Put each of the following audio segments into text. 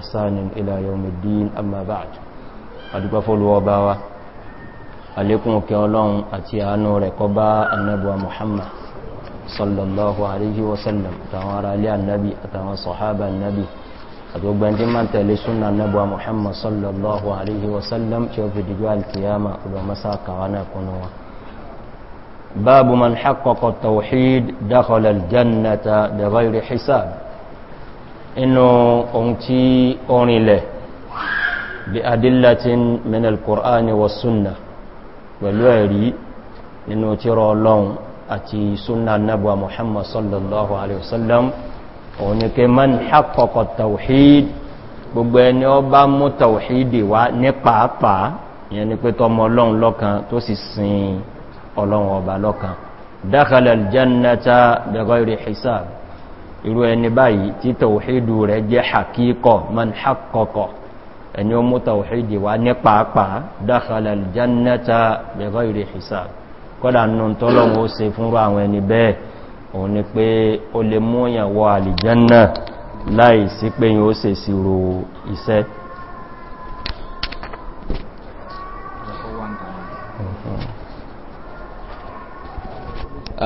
ihsanin ila yawmiddin amma ba'd adúgbà fọ́lúwọ́ bá wá alékún òkè ọlọ́run àti àánú rẹ̀ kọ bá annabuwa muhammad sallallahu alaihi wasallam àtàwọn ará ilé annabi àtàwọn sọ̀hábà annabi àtògbọ́n tí máa tẹ̀lé súnà annabuwa muhammad sallallahu alaihi wasallam tí ó fi dìjọ́ alkiyama ọlọ́mọ́sá kàwánà kúnnú wa باب من حقق التوحيد دخل الجنة بغير حساب inú ohun tí orinlẹ̀ bí adillatin min al-Qur'ani wa sunna pẹ̀lú ẹ̀rí nínú tírà Ọlọ́run àti sunna nabuwa Muhammad sallallahu alaihi wasallam òun ni kí man haqqaqa tawhid gbogbo ẹni ó bá mú tawhidi wá ní pàápàá ìyẹn ni pé tọmọ Ọlọ́run lọ́kan tó sì sin Ọlọ́run ọba lọ́kan dakhala al-jannata bighayri hisab irú ẹni báyìí tí tàwíìdù rẹ̀ jẹ́ hakíkọ̀ man hakọ̀kọ̀ ẹni o mú tàwíìdì wá ní pàápàá dákàlà aljannata bi ghairi hisab kọ́dà nù tọ́lọ́wọ́ ṣe fúnrú àwọn ẹni bẹ́ẹ̀ òun ni pé o lè mú ìyàwó alìjanna láì sí pé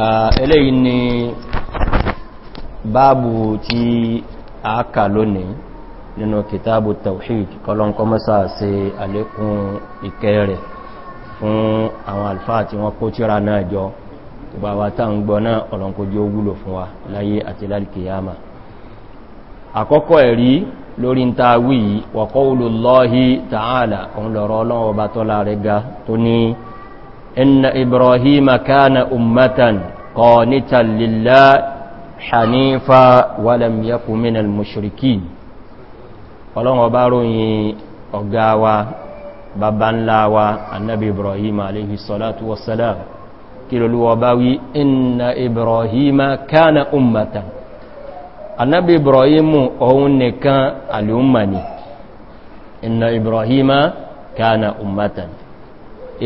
ah, ni báàbù tí a kà lónìí nínú kìtàbù tawhid kọlọ́nkọ́ mọ́sá sí alékún ìkẹ́ rẹ̀ fún àwọn alfáà tí wọ́n kó tíra náà jọ gbogbo àwọn tá ń gbọ́ náà ọlọ́nkójú ó wúlò fún wa láyé àti lálìkìyàmà àkọ́kọ́ ẹ̀rí lórí ń hanifa walam yakun minal mushrikin ọlọ́run ọba ròyìn ọ̀gá wa bàbá ńlá wa annabi ibrahim alayhi salatu wassalam kí lolúwọ bá wí inna ibrahim kana ummatan annabi ibrahim ohun nìkan al'ummani inna ibrahim kana ummatan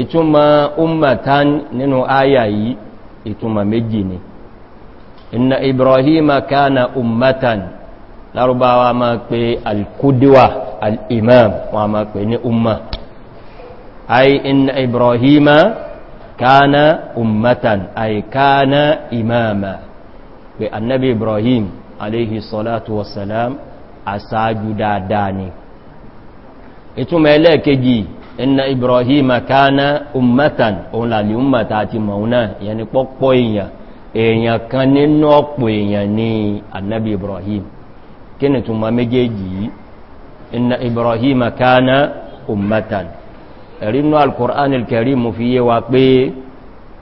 ìtumọ̀ ummatan nínú ayayi ìtumọ̀ méjì ni inna ibrahima kana ummatan larubawa ma pe alkudiwa al'imam wa ma pe ni umma ai inna ibrahima kana ummatan ai kana imama pe annabi ibrahim alaihi salatu wasalam asáájú dáadáa ni ìtumọ̀ ẹlẹ́ẹ̀kejì inna ibrahima kana ummatan òun làlì ummata àti mọ̀únà yẹni pọ́pọ́ èèyàn èèyàn kan nínú ọ̀pọ̀ èèyàn ní annabi ibrahim kí ni tún ma méjèèjì yìí inna ibrahim kana ummatan ẹ̀rínú al-Qur'an al-Karim fi yé wa pé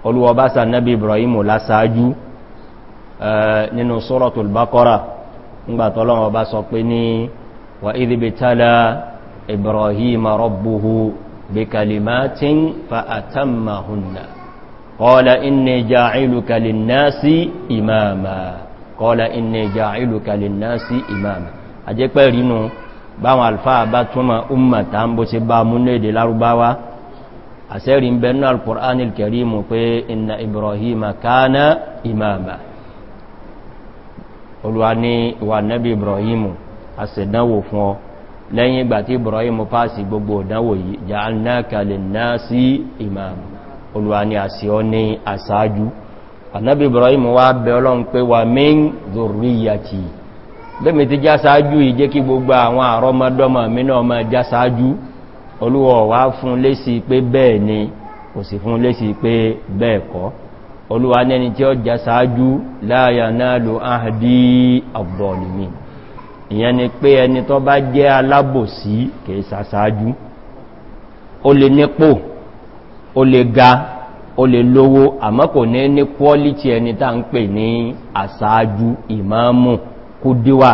olúwọba sa annabi ibrahim lásáájú nínú suratul Baqara ngbàtọ́lọ́wọ́ bá sọ pé ní wa idhibtala ibrahim rabbuhu bi kalimatin fa قال إني جاعلك للناس إماما قال إني جاعلك للناس إماما ajẹ́ pẹ́ rínú báwọn alfáà bá túnmà ummata ń bó ṣe bá múnú èdè lárúbáwá àṣẹ́rin bẹ̀rún al-Qur'an al-Karimu pé inna Ibrahim kana imama olúwa ní ìwà nẹ́bí Ibrahim àṣẹ̀dánwò fún ọ lẹ́yìn ìgbà tí Ibrahim pàṣì gbogbo ìdánwò yìí ja'alnaka lin-nasi imama olùwà ni àṣì ọ ní àṣáájú ànábì ibrahim wá bẹ ọlọ́run pé wà mín zòríyàtì bẹ́mi ti já sáájú ìjẹ́ kí gbogbo àwọn àrọmọdọ́mọ mi náà ma já sáájú olúwa wá fún lésì pé bẹ́ẹ̀ ni kò sì fún lésì pé bẹ́ẹ̀ kọ́ olúwa nẹni tí ó já o lè ga o lè lówó àmọ́ kò ní ní quality ẹni tá ń pè ní àsáájú ìmáàmù kú díwà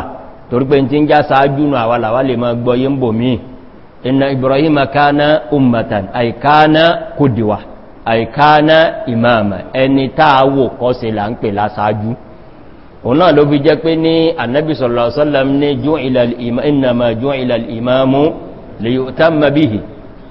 torí pé tí ń já sáájú nù àwàlàwà lè máa gbọ́ yí ń bò mí inna ibrahim kana ummatan àìkáná kú díwà àìkáná ìmáàmà ẹni táàwò kọ́ sí là ń pè lásáájú òun náà ló fi jẹ́ pé ní annabi sallallahu alaihi wasallam ní imamu innama li yu'tamma bihi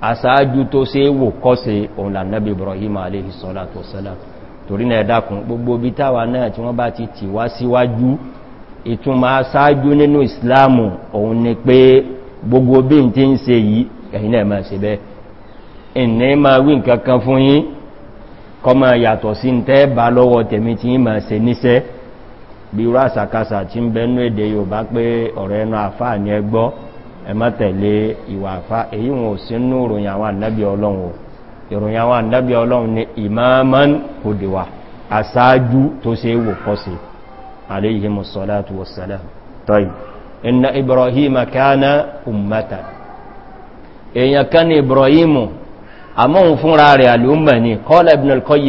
asáájú tó ṣe wò kọ́sẹ̀ òun lànàbí ibrahim torí náà dákùn gbogbo bí táwà náà tí wọ́n bá ti tì wá síwájú ìtumà asáájú nínú islamu ohun ni pé gbogbo bí n se yìí ẹ̀yìn náà máa ṣe bẹ́ nkankan fún yàtọ̀ sí tẹ́ bá lọ́wọ́ níṣẹ́ ẹmọ́ tẹ̀lé ìwàfá èyí wọn ò sí nú ìròyìn àwọn ànábí ọlọ́run ìròyìn àwọn ànábí ọlọ́run ni ìmáàmán kòdìwà asáájú tó ṣe wò kọ́sí aléyìímọ̀ sọ́látù wọ̀sálàm tọ́yì inna ibrahim kana ummata èyàn kan ni ibrahim àmọ́hun fúnra rẹ̀ alùmọ̀ ni kọ́lá ibn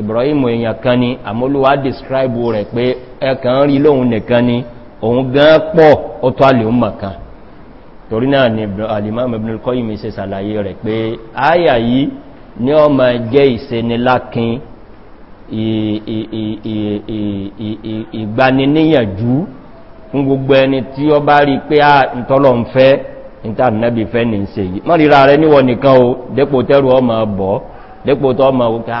ibrahim èyàn kan ni àmúlùwà describe rẹ̀ pé ẹkàn rí lóhun nìkan ni òun gan pọ̀ ó tó alì ọmọ kan torí náà ni alimam ibn al-qayyim ṣe sàlàyé rẹ̀ pé àyà yìí ní ọmọ jẹ́ ìsẹnilákin ìgbaniníyànjú fún gbogbo ẹni tí ó bá rí pé à ń tọ́lọ ń fẹ́ dépò tẹ́rù ọmọ bọ̀ dépò tọ́ ọmọ òkà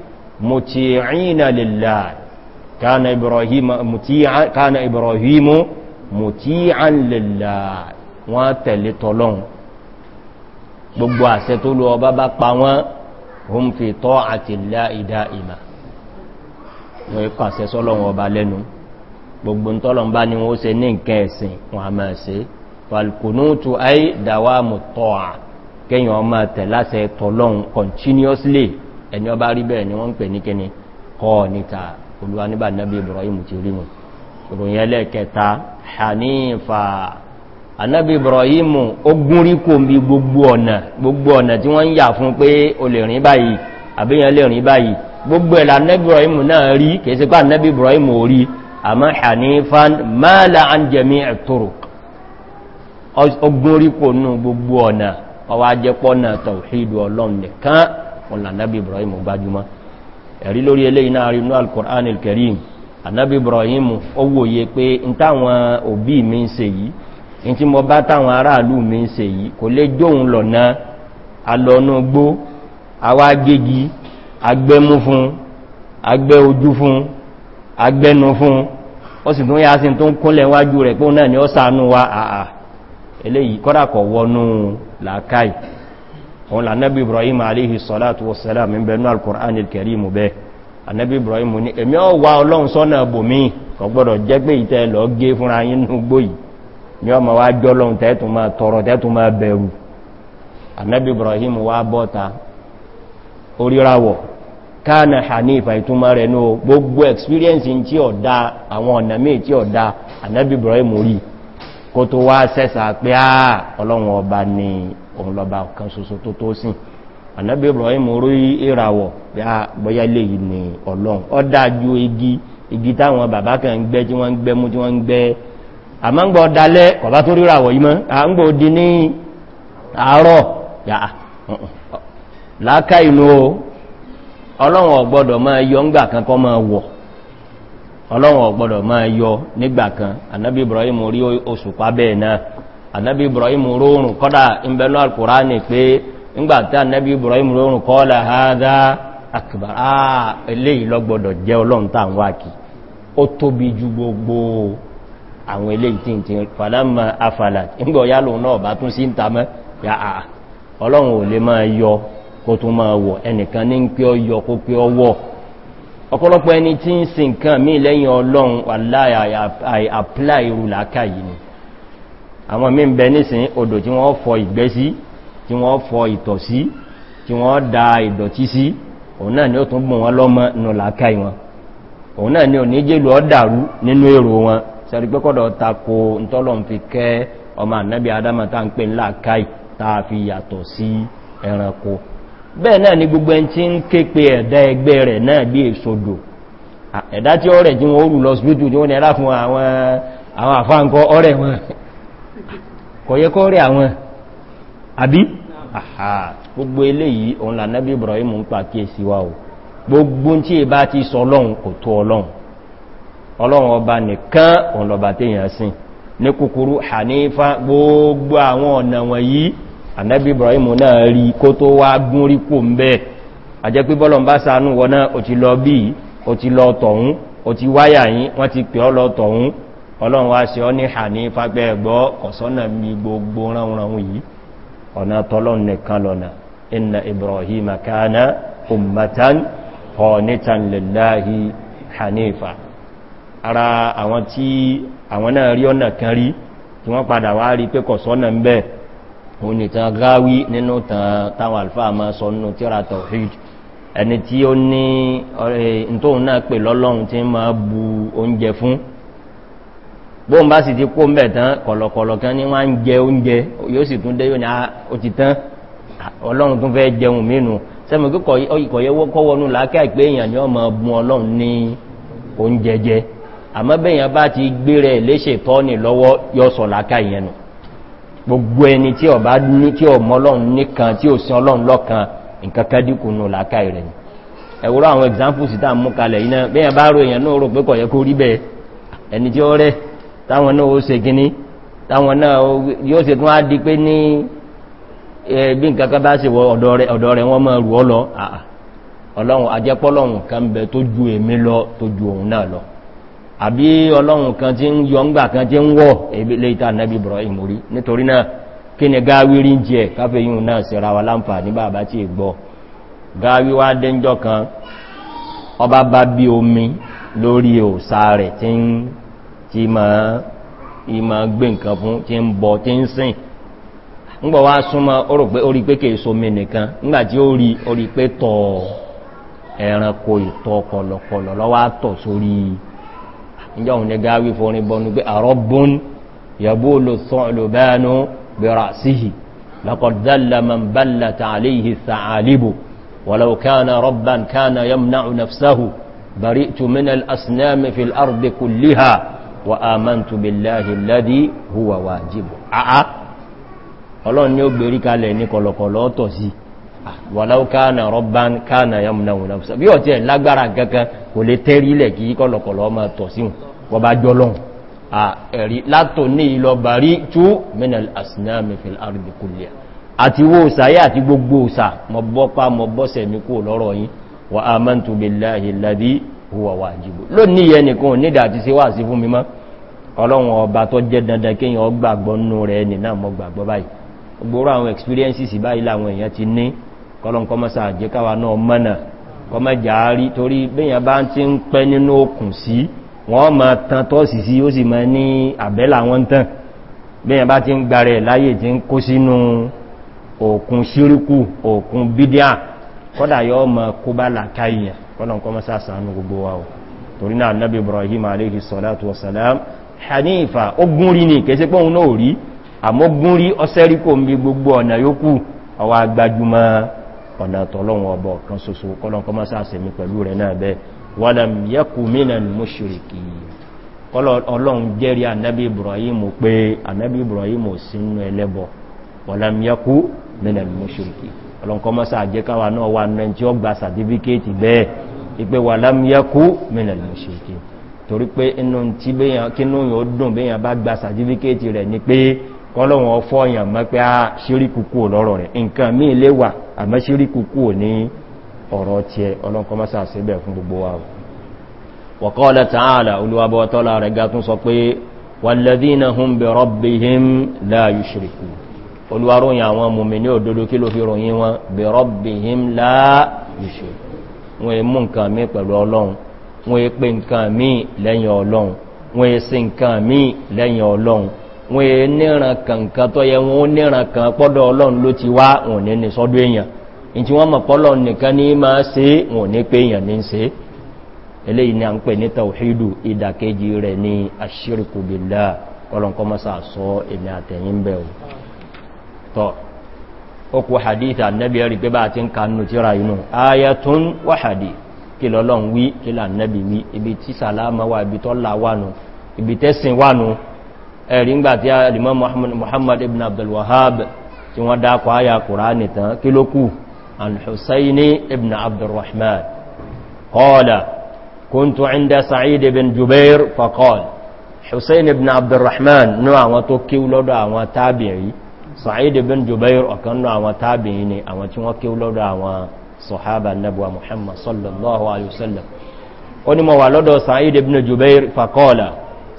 muti'ina lillah kana ibrahim muti'an kana ibrahim muti'an lillah wọ́n tẹ̀lé tọ́lọ́un gbogbo àṣẹ tó lọ ọba bá pa wọ́n hum fi ta'ati llahi da'ima wọ́n pàṣẹ sọ́lọ́wọ́ ọba lẹ́nu gbogbo tọ́lọ̀ bá ní wọ́n ṣe ní nǹkan ẹ̀sìn wọn a máa ṣe falkunutu ay dawamu ta'a kẹ́yàn ọmọ tẹ̀láṣẹ tọ́lọ́un continuously ẹni ọba rí bẹ́ẹ̀ ni wọ́n ń pè ní kíni kọ́ níta olúwa níbà nábi ibrahim ti rí wọn ìròyìn ẹlẹ́ẹ̀kẹta hanifa anábi ibrahim ó gún rí kò bí gbogbo ọ̀nà tí wọ́n ń yà fún pé o lè rìn báyìí àbíyàn lè rìn báyìí gbogbo ẹ̀lá anábi ibrahim náà rí kèsí pé anábi ibrahim ò rí àmọ́ hanifa mala an jami ó gún kò nù gbogbo ọ̀nà ọwọ́ ajẹ́pọ̀ náà tawhid òun lànàbí ibrahim gbajúmọ́ ẹ̀rí lórí eléyìí náà rínú al ibrahim ó wòye pé n táwọn òbí mi ń ṣe yìí n tí mo bá táwọn aráàlú mi ń ṣe yìí kò lè jóun lọ̀nà alọ́nú gbó awá fún agbẹ́ fún agbẹ́nu fún ó sì tún yá sí tó ń kúnlẹ̀ wájú rẹ̀ pé náà ni ó wa òun là nábi ibrahim aléhì sọ́látù wọ́sẹ̀lá mi bẹ̀rún alkùnrin alkẹrìmù bẹ́ anábi ibrahim ní èmi ọ wá ọlọ́run sọ́nà bòmí kọgbọ́dọ̀ jẹ́ pé ìtẹ́ lọ gé fúnra yínú gbóyìí ni ọmọ wá jọ́lọ́run tẹ́tù máa tọrọ tẹ́tù máa bẹ̀rù anábi ibrahim wá bọ́ta orírawọ̀ káàna hanifa ìtumọ̀ rẹ̀ ní gbogbo tó wá sẹ́sà pé á ọlọ́run ọba ni òun lọ́ba ọ̀kan ṣoṣo tó tó sìn ànábì Ibrahim orí ìràwọ̀ bóyá ni ọlọ́run dájú igi igi táwọn bàbá kan gbẹ́ tí wọ́n gbẹ́ mú tí wọ́n gbẹ́ àmọ́ dalẹ́ kọ̀bá tó rí ìràwọ̀ yìí mọ́ à ọlọ́run yọ ngbakọ ma wọ yọ nígbà kan Ibrahim ànábí ibrahim rórùn kọ́dà ìbẹ̀lú alkùránì pé ńgbàtí ànábí ibrahim rórùn kọ́lá hádá akìbàrá eléyìí lọ́gbọ̀dọ̀ jẹ́ ọlọ́run ó tóbi ju gbogbo àwọn eléyìí tí ti afàlà yọ ma wọ ni yọ kó pe ọ ọ̀pọ̀lọpọ̀ ẹni tí ń sin nǹkan lẹ́yìn ọlọ́run wà àwọn mí ń bẹ nísìn odò tí wọ́n fọ ìgbẹ́ sí tí wọ́n fọ ìtọ̀ sí tí wọ́n da ìdọ̀tí sí òun náà ni ó tún bùn wọn lọ́mọ nù làákà òun náà ni ò ní jẹ́lù ọ́dàrú nínú èrò wọn sẹ́rí pé kọ́dọ̀ tako ntọ́lọ̀ fi kẹ́ ọmọ ànábì adama tá ń pè ní fi yàtọ̀ sí ẹranko lọ sí kọ̀yẹ kọ́ rí àwọn àbí àhà gbogbo eléyìí òun là nábí ibrahim ń pa kí èsì wá o gbogbo tí è bá ti sọ ọlọ́run kò tó ọlọ́run ọlọ́run ọba nìkan òun lọba téèyàn sin ní kúkúrú hanifa gbogbo àwọn ọ̀nà wọ̀nyí ànábí ibrahim náà rí kó tó wá gún rí kò ń àjẹ́ pé bọ́lọ̀ bá sánú wọ náà ò ti lọ bí ò ti lọ tọ̀hún ò ti wáyà yín wọ́n ti pè ọ́ lọ tọ̀hún ọlọ́run wá sí ọ ní hànífà gbẹ́ẹ̀gbọ́ kọ̀sọ́nà mi gbogbo ránranrun yìí ọ̀nà tọ́lọ́n nìkan lọ́nà inna ibrahim kana ummatan qanitan lillahi hanifa ara àwọn tí àwọn náà rí ọ̀nà kan rí tí wọ́n padà wá rí pé kọ̀sọ́nà ń bẹ́ òun nìtan gáwí nínú táwọn alfáà ma sọ bóhùn bá sì ti kó mẹ́ tán kọ̀lọ̀kọ̀lọ̀ kan ní wọ́n ń jẹ oúnjẹ yóò sì tún dé yóò ní ah, ó ti tán ọlọ́run tún fẹ́ jẹun mínú sẹ́mi kíkọ̀yẹ́wọ́ kọ́wọ́nú lákẹ́ àìpé èèyàn ni ọmọ ọgbùn ọlọ́run ní oúnjẹ jẹ àmọ́ bẹ́yàn bá ti gbé rẹ̀ léṣe tọ́ ní lọ́wọ́ yọ sọ láká ìyẹnu gbogbo ẹni tí ọba mú kalẹ̀ iná bẹ́yàn bá rò èèyàn náà rò pé kọ̀yẹ́ kó rí bẹ́ẹ̀ ẹni tí ó rẹ̀ táwọn náà ó ṣe gíní táwọn náà yóò ṣe tún á di pé ní bí n kankan bá ṣe wọ ọ̀dọ̀ rẹ̀ wọ́n máa rù ọ́ lọ ọlọ́run ajẹ́pọ́lọ́run kan bẹ tó ju èmi lọ tó ju òun náà lọ àbí ọlọ́run kan tí ń yọ ńgbà kan tí ń wọ́ ni gáwírí jẹ wa láǹfà ní bàbá tí ìgbọ́ gáwí ọba bá bí omi lórí òsà rẹ̀ tí ń tí ma gbé nǹkan fún tí ń bọ̀ tí ń sìn ńgbọ̀ wá súnmọ́ orí pé kèé so mi nìkan ńgbàtí ó rí orí pé tọ̀ ẹranko ìtọ̀ kọlọ̀kọlọ̀ lọ́wọ́ àtọ̀ sórí ìjọ òun jẹgá wí fórin bọnu pé àrọ́bùn yàbó lò sán olùbẹ́ẹ̀nú bẹ̀rà síhì lọ́kọ̀dálàmà wa amantu billahi alladhi huwa wajibu àá ọlọ́run ni ó gbèrí kalẹ̀ ní kọlọkọlọ tọ̀ sí walau kana rabban kana yamnahu nafsa bí ọ̀tí ẹ̀ lágbára kankan kò lè tẹ́rí ilẹ̀ kí kọlọkọlọ ma tọ̀ sí wọ́n bá jọlọ́n ẹ̀rí huwa wajibu lónìí yẹn nìkan nídà àti ṣe wà sí fún mi mọ́ ọlọ́run ọba tó jẹ́ dandan kí èyàn gbàgbọ́ nú rẹ̀ ní náà mọ́ gbàgbọ́ báyìí gbogbo àwọn experiences báyìí láwọn èèyàn ti ní kọlọ́n kọmọ́sà àjẹ́káwà náà mọ́nà kọmọ́jàárí torí bíyàn bá ti ń pẹ́ nínú okùn sí wọ́n ma tan tọ́sì sí ó sì ma ní àbẹ́là wọn tán bíyàn bá ti ń gbarẹ̀ láyé ti ń kó sínú òkun síríkù òkun bídíà kọ́dà yọ́ kó bá làkáyìyàn kọ́nà kọ́ mọ́sá sànú gbogbo wa o torí náà nabi ibrahim alayhi salatu wa salam hanifa ó gún rí ní kẹsí pé òun náà rí àmọ́ gún rí ọsẹ́ rí kò ń bí gbogbo ọ̀nà yókù ọwọ́ agbájúmọ́ ọ̀nà tọ́lọ́wọ̀n ọbọ̀ kan soso kọ́nà kọ́ mọ́sá sẹ̀mí pẹ̀lú rẹ̀ náà ibrahim pé annabi ibrahim ò sínú ẹlẹ́bọ̀ wàlàm yẹ́kùmínà ọlọ́nkọmọ́sá àjẹ́káwà náà wà náà tí ó gba sàtífíkéètì bẹ́ẹ̀ ipé wà lámúyẹ́kú mìnàlì òṣèké torí pé inú tí kínú yóò dùn bí yàn bá gba sàtífíkéètì rẹ̀ ni pé kọ́lọ̀wọ̀n ọfọ́ yàn mọ́ pé a ah, ṣíríkùkù lọ́rọ̀ rẹ̀ nǹkan míì lè wà àmọ́ ṣíríkùkù ní ọ̀rọ̀ tiẹ̀ ọlọ́nkọmọ́sá síbẹ̀ fún gbogbo wa wọ̀kọ́ọ̀lẹ̀ tààlà olúwàbọ̀ tọ́lá rẹ̀ ga tún sọ pé wàlẹ́dínà hùn bẹ̀rọ̀bìhìm láàyù ṣìrìkù olúwaróyìn àwọn mùmí ní òdòdó kí ló fi ròyìn wọn bí rọ́bìhìm láàáṣù wọ́n è mú nǹkan mí pẹ̀lú ọlọ́run wọ́n è pè nǹkan mí lẹ́yìn ọlọ́run wọ́n è sí nǹkan mí lẹ́yìn ọlọ́run wọ́n è níran kankan tó yẹ wọ́n níran kan pọ́dọ̀ ọlọ́run ló ti wá wọ́n ní ní sọ́dọ̀ èèyàn ni a ń pè ní tàwíìdù ìdàkejì rẹ̀ ní sọ èmì àtẹ̀yìn bẹ̀rù tọ́ okù hadith annabi rí pé bá ti ń kanú tíra inú ayatun wa hadith kí lọ́lọ́n wí kí lànàbì wí ibi tí sàlámà wà ibi tọ́lá wánu ibi tẹ́sìn wánu ẹ̀rí ńgbà tí alìmọ́ muhammad ibn abdulwahab tí wọ́n dákọ̀ ayà kùránì tán kí ló kù an ibn abdulrahman ní àwọn tó kíw lọ́dọ̀ àwọn tábìrì sa'id ibn jubair ọ̀kan náà àwọn tábìyìn ni àwọn tí wọ́n kéwú lọ́dọ̀ àwọn sọ̀hábà nabuwa muhammad sallallahu alaihi wasallam ó ní mọ̀ wà lọ́dọ̀ sa'id ibn jubair fakọ́ọ̀lá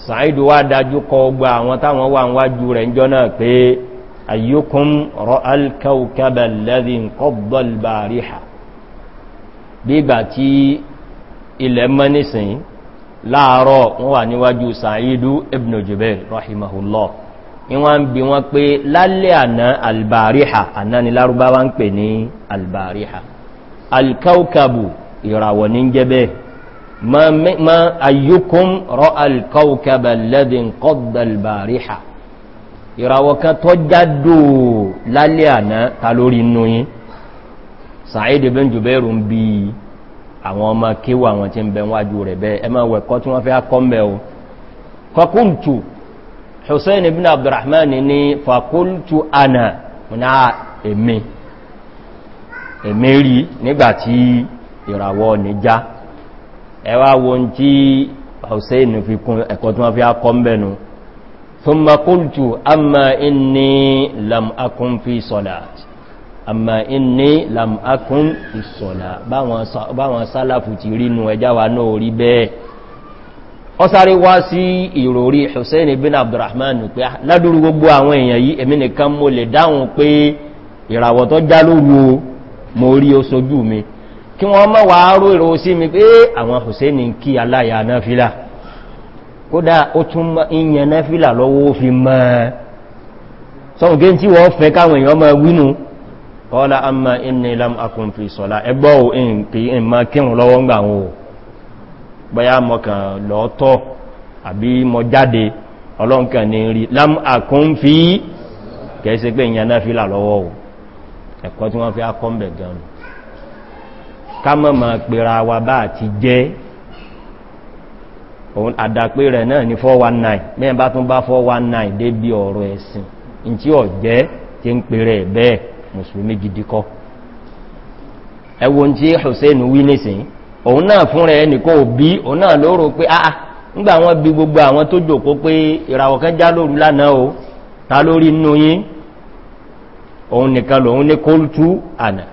sa'id wá dájú kọ gba àwọn táwọn wà wájú rẹ̀ jọ náà pé ayyukum ra'al kawkaba alladhi qabba al ni wọ́n ń bí wọ́n pé lálẹ́ àná albariha àná ni lárúbáwá ń pè ní albariha alkaukabu ìràwọ̀ ní jẹ́bẹ́ ma ayyukum rọ alkaukaba lẹ́dìn kọ́dà albariha ìràwọ̀ kan tó jádò lálẹ́ àná ta lórí inú yí sàídì bin jùbẹ́rù ń bí àwọn ọmọ kíwà àwọn tí ń bẹ wájú rẹ̀ bẹ́ hussein ibn abdurrahman ni fakultu ana na eme eme rí nígbàtí ìràwọ̀ níjá ẹwà wọn tí hussein fi kún ẹ̀kọ́ tí wọ́n fi akọ́ mbẹ̀nu ثم قلت أما إني لم أكن في صلاة أما إني لم أكن في صلاة báwọn sálàfù ti rí nù ẹjáwà náà rí bẹ́ẹ̀ ọ sáré wá sí ìròrí hussein ibn abdulrahman pé ah, ládúrú gbogbo àwọn èèyàn yìí èmi nìkan mo lè dáhùn pé ìràwọ̀ tó já lóru mo rí o sojú mi kí wọ́n mọ́ wà rú ìrò sí mi pé eh, àwọn hussein kí aláyà náfílà kódà ó tún ìyẹn náfílà lọ́wọ́ fi mọ́ sọ́hùn gẹ́ tí wọ́n fẹ́ káwọn èèyàn mọ́ wínú ọlá amma inú ilam akùnfì sọ́lá ẹgbọ́ bọ́yá mọ̀kàn lọ́ọ̀tọ́ àbí mọ̀ jáde ọlọ́nkàn ní rí lám àkún fi kẹsẹ pé ìyànà fílà lọ́wọ́ o ẹ̀kọ́ tí wọ́n fi akọ́m̀bẹ̀ gan ká mọ̀ mọ̀ pèrà wa bá ti jẹ́ òun àdàpé rẹ̀ náà ní 419 mẹ́rin bá tún bá 419 dé bí ọ̀rọ̀ ẹ̀sìn in tí ọ̀ jẹ́ tí ń pèrè bẹ́ẹ̀ mùsùlùmí gidi kọ́ ẹwọ́n tí hussein wí nísìnyí òun náà fún rẹ̀ nìkan òbí òun náà lóró pé ah ńgbà ah, wọn bí gbogbo àwọn tó jòkó pé ìràwọ̀ kan já lóru lánàá o ta lórí inú yín òun nìkan lòun ní kó tú ànà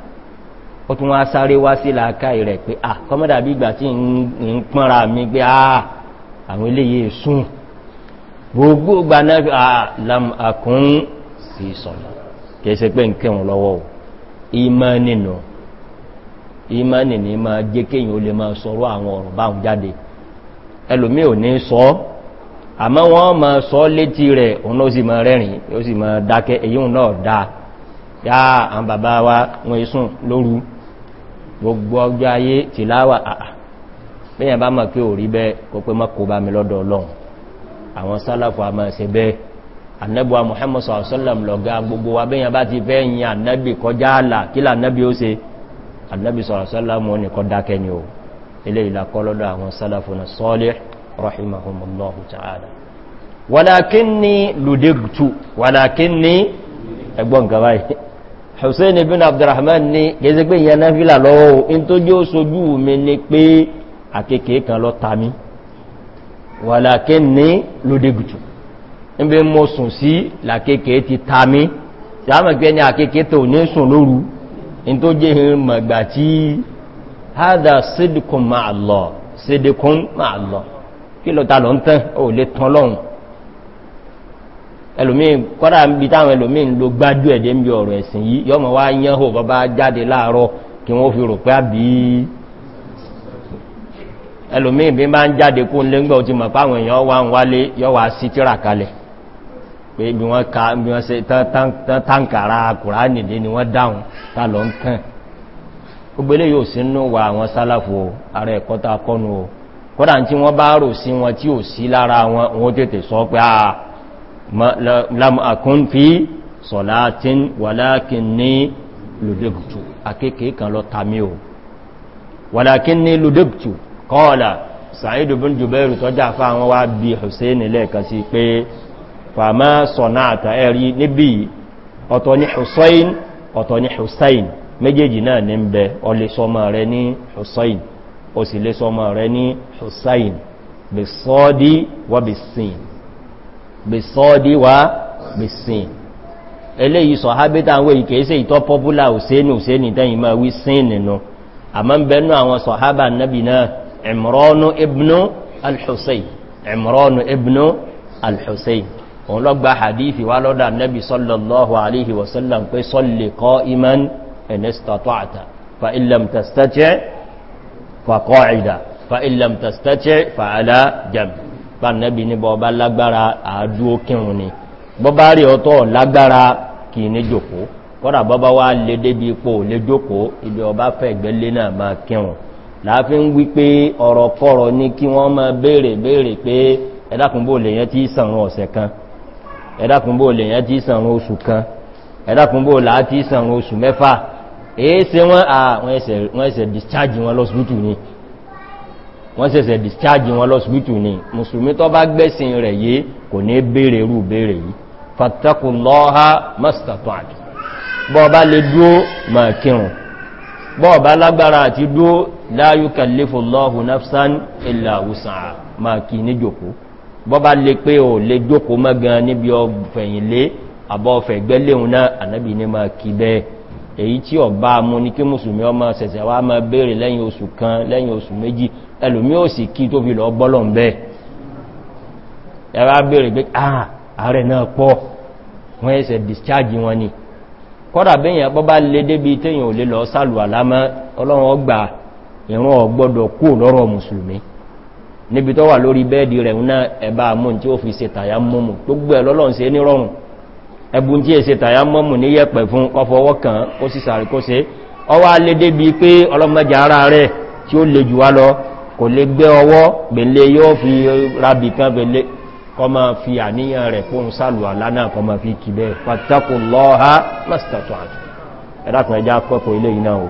ó tún wá sáré wá sí làákà rẹ̀ pé ah kọ́mọ́dà bí ìgbà tí ń pọ́nra mi pé ah àwọn eléyìí sùn gbogbo gbaná ah, lam akún sí sọ̀nà kẹsẹ̀ pé ń ìmánì ní ma jẹ́ kéyìn ó lè máa sọ̀rọ̀ àwọn ọ̀rọ̀ báhùn jáde ẹlòmí ò ní sọ àmọ́ wọ́n máa sọ létí rẹ̀ òun ó sì máa rẹ́rìn ó sì máa dákẹ́ èyíun náà dá yá àwọn bàbá wa wọn ìsùn lóru gbogbo ọjọ́ ayé tìláwà àà bẹ́yàn bá mọ̀ pé ò rí bẹ́ẹ̀ kó pé mọ́kò bá mi lọ́dọ̀ ọlọ́run àwọn sálàfà máa ṣe annabi sallallahu ni kọ dákẹ́ ni o ilé ìlàkọlọ́dọ̀ àwọn sálàfún sọ́lẹ̀ rahimahumullahu ta'ala walakinni ludigtu walakinni ẹgbọ́n gaba yìí hussein ibn abdurrahman ni gẹ́gẹ́ pé ìyẹn náà fílà lọ́wọ́ in tó jẹ́ oṣojú mi ni pé àkẹ́kẹ́ kan lọ ta mi walakinni ludigtu ń bí mo sùn tó ní sùn lóru in to je hin màgbà lọ lọ ń tán lè tán lọ́hun bí táwọn gbájú ẹ̀dẹ́ ń bí ọ̀rọ̀ ẹ̀sìn yọ́ mọ̀ wá yán hò bọ́bá jáde láàárọ̀ kí wọ́n fi rò pé àbí bí bá ń jáde kó ń lé ń gbọ́ ti mọ̀ páwọn èèyàn wá ń wálé yọ́ wá sí pé bí wọ́n ká bí wọ́n ṣe tánkàrà kùránì ni wọ́n dáhùn tàlọ ń kàn gbogbo ilé yóò sí nú wà àwọn sálàfò ara ẹ̀kọ́ ta kọ́nu o kọ́dà tí wọ́n bá rò sí wọn tí ò sí lára wọn wọ́n tètè sọ pé a lámù àkún fi sọ̀látín wàlákin ní lùdẹ́gùtù akékèé kan lọ tàmí sàídùbùn jùbẹ́rù tọ́jà fáwọn wá bí hussein lẹ́ẹ̀kan sí pé fàmá sọ̀nà àtà ẹ̀rí níbi ọ̀tọ̀ ní hussein ọ̀tọ̀ ní hussein méjèèjì náà ní ń bẹ ọ lè sọmọ rẹ ní hussein ó sì lè sọmọ rẹ ní hussein bí sọ́ọ́dí wà bí sin bí sọ́ọ́dí wà bí sin eléyìí sọ hábítà ń wé ìkèéṣẹ́ ìtọ́ pọ́púlà òsèní òsèní tẹ́yìn máa wí sin nínú àmọ́ bẹnu àwọn sọ̀hábà nábì náà ìmọ̀rọ̀nù ibnu al òun lọ gba hadithi wá lọ́dà nẹ́bí sallallahu alaihi wasallam pé sọ́lè kọ́ iman ẹ̀nẹ́sítàtọ́ta fa ilẹ̀m tàstẹ́tẹ́ fa kọ́ ìdá fa ilẹ̀m tàstẹ́tẹ́ fa alá jẹ́m bá nẹ́bí ní bọ́ bá lágbára àádú ókèrún ni bọ́ bá rí ọtọ́ lágbára kì ní jòkó kọ́dà bọ́ bá wá lé débi ipò lé jòkó ibi lèyàn tí sàrùn ọ̀sẹ̀ kan ẹ̀dàkùnbò lè yẹn ti sànrún oṣù kan ẹ̀dàkùnbò là á ti sànrún oṣù mẹ́fà èése wọ́n ẹsẹ̀ discharge wọn lọ́sùbítù ni wọ́n discharge wọn lọ́sùbítù ni mùsùlùmí tó bá gbẹ́sìn rẹ̀ yé kò ní béèrè rú béèrè yìí fatakulọ́ha mastatọ́d bọ́ọ̀bá lè dúó ma kírùn bọ́ọ̀bá lágbára àti dúó la yukallifu Allahu nafsan illa wusa'a ma kì ní jòkó bọ́bá lè pé ò lè jókòó mọ́gan níbi ọfẹ̀yìnlé àbọ́fẹ̀gbẹ́léhun náà ànábì ní máa kí bẹ́ẹ̀ èyí tí ọ bá mú ní kí mùsùlùmí ọmọ sẹ̀sẹ̀ wá máa bèèrè lẹ́yìn oṣù kan lẹ́yìn oṣù méjì ẹlòmí ò sì kí tó fi lọ bọ́lọ̀ ah, discharge wọn ni kọ́dà bẹ́yìn bọ́bá lè débi tẹ́yìn ò lè lọ sálù àlámọ́ ọlọ́run ọgbà ìran ọgbọ́dọ̀ kú mùsùlùmí níbi tó wà lórí bẹ́ẹ̀dì rẹ̀ ń náà ẹ̀bá mún tí ó fi ṣe tàyà mọ́mù tó gbé ẹlọ́lọ́n se ní rọrùn ẹbùn tí è ṣe tàyà mọ́mù ní yẹ́pẹ̀ fún ọfọwọ́ kan ó sì sàrí kó se ọwá lè débi pé ọlọ́mọjà ara rẹ̀ tí ó lè jù wá lọ kò lè gbé ọwọ́ gbèlé yóò fi rabì kan gbèlé kọmọ fi àníyàn rẹ̀ fún sálù àlánà kọmọ fi kìbẹ̀ pàtàkùn lọ́ha mọ́sítàtù àti ẹ̀dàkùn ẹja kọ́kọ̀ ilé yìí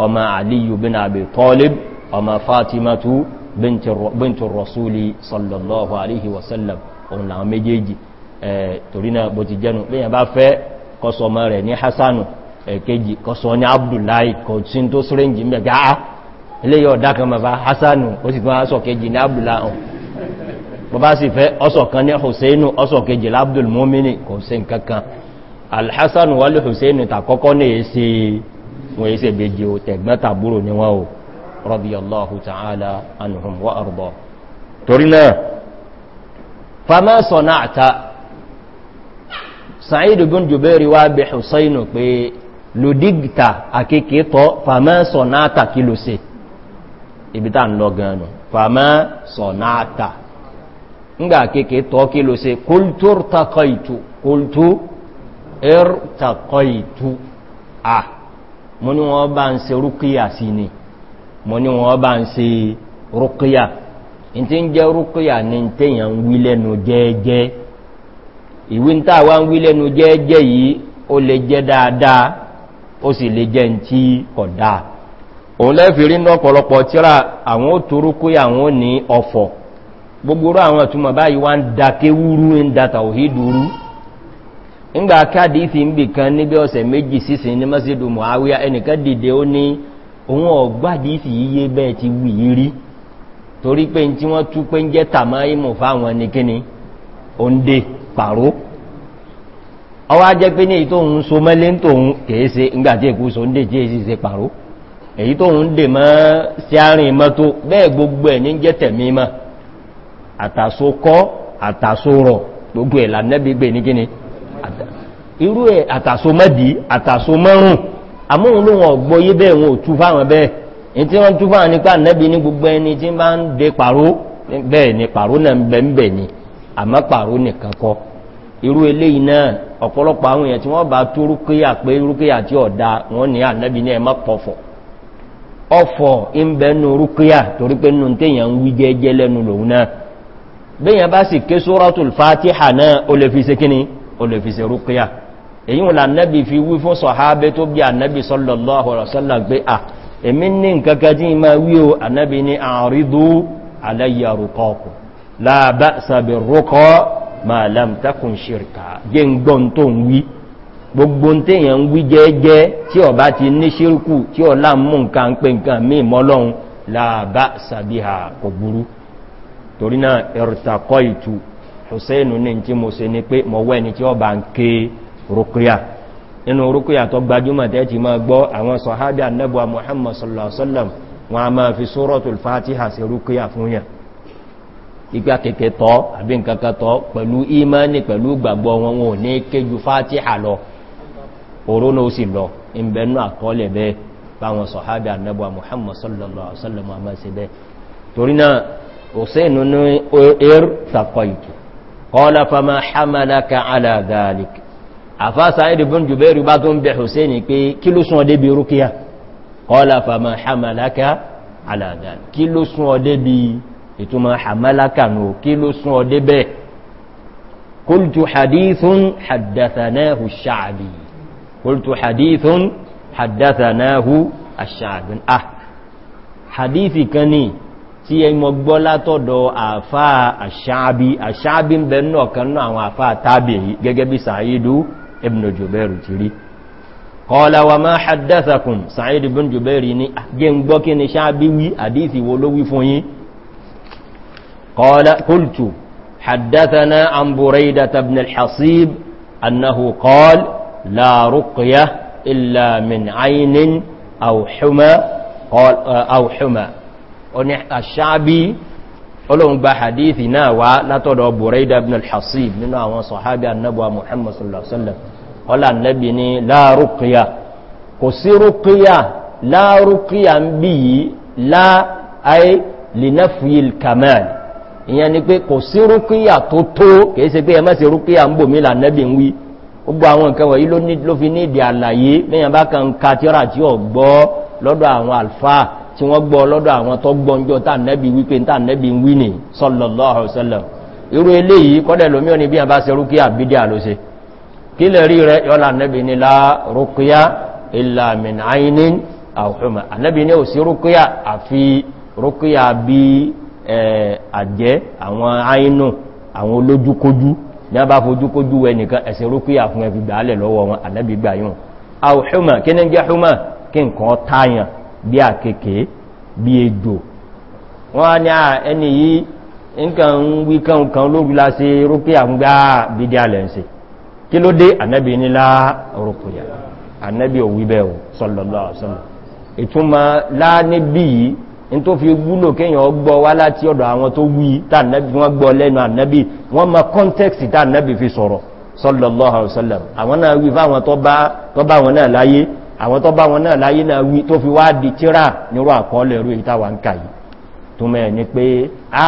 ọmọ aliyu bin abi talib ọmọ fatimatu bintu rasuli sallallahu alaihi wasallam ohun làwọn méjèèjì torí náà bó ti jẹnu bí yẹn bá fẹ́ kọsọ ọmọ rẹ̀ ní hassanu ẹ̀kejì kọsọ ní abdullahi kọtí tó sírẹ́njì mẹ́gáá ilé ah, yọ dákan mẹ́fà hassanu ó sì tún aṣọ kejì ní abdullahi bọ́bá sì fẹ́ ọsọ kan ní husseinu ọsọ kejì lábdulmomini kò sí nkankan alhassanu wal husseinu tàkọ́kọ́ ní èsì wọ́n yí sẹ́ bèjì o tẹ̀gbẹ́tàbúrò ní wọ́n o radiyallahu ta'ala anhum wa arda torí náà fama sọ̀nàta sa'idu bin jubairi wa bi husainu pé lodigta akeke tọ́ fama sọ̀nàta kí ló se ibita ń lọ ganu fama sọ̀nàta ńgbà akeke tọ́ kí ló se kultur takaitu kultur er takaitu ah mo ní wọ́n bá ń se rúkíyà sí ni mo ní wọ́n bá ń ṣe rúkíyà in ti ń jẹ́ rúkíyà ní ń wí lẹ́nu jẹ́ẹ́jẹ́ ìwí ń tàwà ń wí lẹ́nu jẹ́ẹ́jẹ́ yìí ó lè jẹ́ dáadáa ó sì lè jẹ́ ń tí kọ̀dá òun lẹ́fì rí pọ̀lọpọ̀ tíra àwọn ó wọn ní ọ̀fọ̀ ńgbà ka fi ń bì kan níbi ọ̀sẹ̀ méjì sísìn ní mọ́sídù mọ̀háwíyá ẹnìkan dìde ó ní òun ọ̀gbádìí fi yíye bẹ́ẹ̀ ti wì í rí torí pé tí wọ́n tú pé ń jẹ́ tàmáìmù fáwọn nìkíní òǹdè pàró ọwá jẹ́ pé ní èyí tó ń so mẹ́lé ń nde irú ẹ̀ àtàsomẹ́dì àtàsomẹ́rùn àmóhun ló wọn gbọ́ yé bẹ́ẹ̀ wọn ò tú fáwọn bẹ́ẹ̀ ní tí wọ́n tú fáwọn nípa nẹ́bí ní gbogbo ẹni tí bá ń de pàró bẹ́ẹ̀ ni pàró náà ń bẹ̀ ń bẹ̀ ni àmọ́ pàró nìkan kọ́ irú eléyìí náà ọ̀pọ̀lọpọ̀ àwọn èèyàn tí wọ́n bá tó rúkíyà pé rúkíyà tí ọ̀dá wọn ní ànẹ́bí ní ẹmọ́ pọ̀fọ̀ ọ̀fọ̀ ń bẹ́nu rúkíyà torí pé nù téèyàn ń wí jẹ́jẹ́ lẹ́nu lòun náà béèyàn bá sì ké sóràtùl fatiha náà ó lè fi ṣe kíni o lè fi ṣe rúkíyà èyí wọn lànẹ́bì fi wí fún sọ̀hábẹ́ tó bí ànẹ́bì sallallahu alaihi wasallam pé à èmi ní nkankan tí ma wí o ànẹ́bì ní àrídú alayya rukọ́kù la ba'sa bir ruqa ma lam takun shirka jẹ́ ń gbọ́n tó ń wí gbogbo téèyàn ń wí jẹ́ẹ́jẹ́ tí ó bá ti ní ṣírkù tí ó láàmú nǹkan pé nǹkan míì mọ́lọ́run la ba'sa kò burú torí náà irtaqaitu hussein ní tí mo se ni pé mọ̀ wẹ́ ni tí ó bá ń ké rukuya inú rukuya tó gbajúmọ̀ tẹ́ ti máa gbọ́ àwọn sọ̀hábí annabuwa muhammad sallallahu alaihi wasallam wọn a máa fi suratul fatiha sí rukuya fún yàn igbá tọ́ àbí nkankan pẹ̀lú imani pẹ̀lú gbàgbọ́ wọn wọn ní kéjú fatiha lọ òrónà ó sì lọ ìbẹ̀nú àkọọ́lẹ̀ bẹ́ẹ̀ báwọn sọ̀hábí annabuwa muhammad sallallahu alaihi wasallam a máa se bẹ́ẹ̀ torí náà òsèlú ní er takọ̀ ìtù kọ́lá fama hamalaka ala dhalik àfáàsá ìdìbùn jùbẹ́rù bá tó ń bẹ̀ hussein pé kí ló sún ọdé bí rúkíyà kọ́lá fama hamalaka ala dhalik kí ló sún ọdé bí ìtumọ̀ hamalaka nù kí ló sún ọdé bẹ́ kultu hadithun haddathanahu sha'bi kultu hadithun haddathanahu ash ah hadithi kan ni tí ẹmọ gbọ́ látọ̀dọ̀ àfá àṣáàbí àṣáàbí ń bẹ̀rún ọ̀kan náà àwọn àfá tàbí gẹ́gẹ́ bí sàáyídú ibn jùbẹ̀rù ti rí kọ́ọ̀láwà máa haddásakùn sàáyídú ibn jùbẹ̀rù ní gẹ́ ah, ń gbọ́ حدثنا عن بريدة بن الحصيب أنه قال لا رقية إلا من عين أو حمى, أو حمى ọni àṣábí ọlọ́run gba hadithi náà wá látọ̀dọ̀ buraida ibn al-hasib nínú àwọn sọ̀hábí annabuwa muhammad sallallahu alaihi wasallam ọlá annabi ni láàrùkíyà kò sí rúkíyà láàrùkíyà ń bí yìí láàáì linafil kamal ìyẹn ni pé kò sí rúkíyà tó tó kìí ṣe pé ẹmẹ́sì rúkíyà ń bò mí lànàbì ń wí gbogbo àwọn nǹkan wọ̀nyí ló fi ní ìdí àlàyé mẹ́yàn bá kan ka tíra tí ó gbọ́ lọ́dọ̀ àwọn alfáà tí wọ́n gbọ́ lọ́dọ̀ àwọn tó gbọ́njọ́ tá nẹ́bí wípé tá nẹ́bí wí ní sallallahu alaihi wasallam irú eléyìí kọ́dẹ̀ lómí òní bí a bá ṣe rúkíyà bídíà ló ṣe kí lè rí rẹ yọ́la nẹ́bí ni la rúkíyà illa min aynin aw huma anẹ́bí ni ò sí rúkíyà àfi rúkíyà bí àjẹ́ àwọn àínú àwọn olójúkójú ní a bá fojúkójú wẹ nìkan ẹ̀sẹ̀ rúkíyà fún ẹgbìgbà alẹ̀ lọ́wọ́ wọn anẹ́bí gbà yùn aw huma kí ní jẹ́ huma kí nǹkan táyàn bí àkèké bí ejò wọ́n á ní ẹni yìí nǹkan ń wí kankan lórí láṣe rókè àgbà bídí alẹ́ǹsì kí ló dé ànẹ́bì nílá rọ̀kùyà ànẹ́bì òwí bẹ̀rù sọ̀lọ̀lọ̀ ọ̀sọ̀lọ̀ ìtumọ̀ láníbì yìí in tó fi wúlò kéèyàn gbọ́ wá láti ọ̀dọ̀ àwọn tó àwọn náà wí fáwọn tó bá wọn náà láyé àwọn tó bá wọn náà láyé náà wí tó fi wá di tíra nírò àkọọ́lẹ̀ rú ìtawà ń kàyí tó mẹ́ ní pé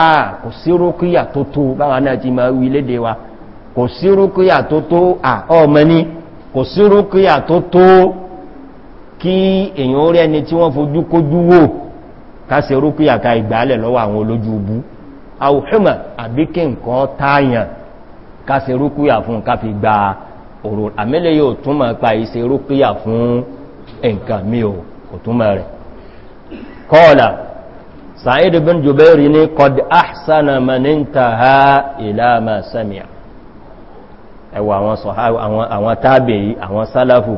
àà kò sí rókíyà tó tó báwa náà ti máa wí léde wa kò sí rókíyà tó tó ọmọ ní kò sí rókíyà tó tó kí èyàn orí ẹni tí wọ́n fojú kójú wò káṣe rókíyà ká ìgbàálẹ̀ lọ́wọ́ àwọn olójú ubú àwòhìmà àbí nǹkan mí o kò túnmà rẹ̀ kọ́ọ̀lá sa'id bin jubairi ni qad ahsana man intaha ila ma sami'a ẹwà àwọn sọ̀háwà àwọn tábìí àwọn sálàfù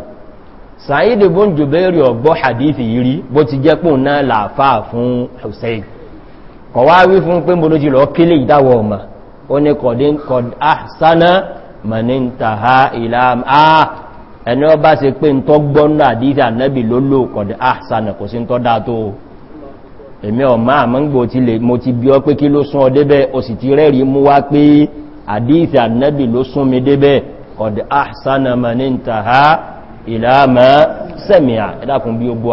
sa'id bin jubairi ọgbọ́ hadithi yìí rí bó ti jẹ́ pùn náà làáfáà fún hussein kọ̀wá wí fún pé mo lójú lọ kílé ìdáwọ̀ ọmọ ó ní qad ahsana man intaha ila ma ah! ẹni ọba ṣe pé ń tọ́ gbọ́nà àdíjà nẹ́bì ló lò kọ̀dẹ̀ àṣànà ah, kò sí ń tọ́ dáa tó èmi ọ̀má àmọ́gbò ti lè mo ti bí ọ pé kí ló sún ọ débẹ̀ o sì ti rẹ́rí mú wá pé àdíjà nẹ́bì ló sún mi débẹ̀ kọ̀dẹ̀ àṣànà ah, mọ̀ ah, ní ìtàhá ìlàmọ́ sẹ́mìà ẹ̀dàkùn bí ogbó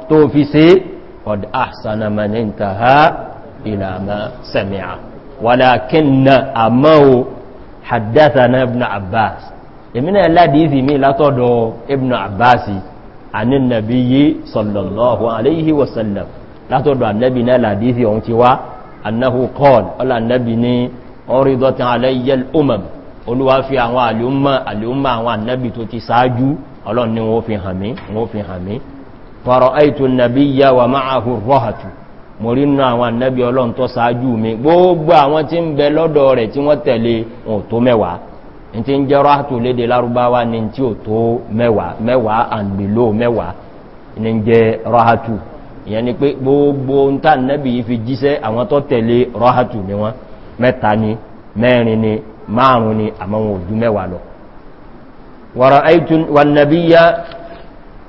tó fi sí ọ̀dá àsànàmàní ìntàhá ìlàmà sẹ̀mìà wàlákínà àmáwò haddathana ibn abbas èmìnà aládìífì mi látọ̀dọ̀ ibn abbas anin nabiyyi sallallahu alaihi wasallam látọ̀dọ̀ annabi na aládìífì ohun ti wá annahu qol ọlá annabi ni ọrídọ́tàn aláyẹ́l umam olúwa fi àwọn àlúmà àwọn annabi tó ti sáájú ọlọ́ni wọ́n fi hàn mí fara'aitu ya wa ma'ahu rahatu mo rí nínú àwọn ànábì ọlọ́run tó mi gbogbo àwọn tí ń bẹ lọ́dọ̀ rẹ̀ tí wọ́n tẹ̀lé wọn tó mẹ́wàá ní tí ń jẹ́ rahatu léde lárúbáwá ní tí tó mẹ́wàá mẹ́wàá and gbogbo wọ́n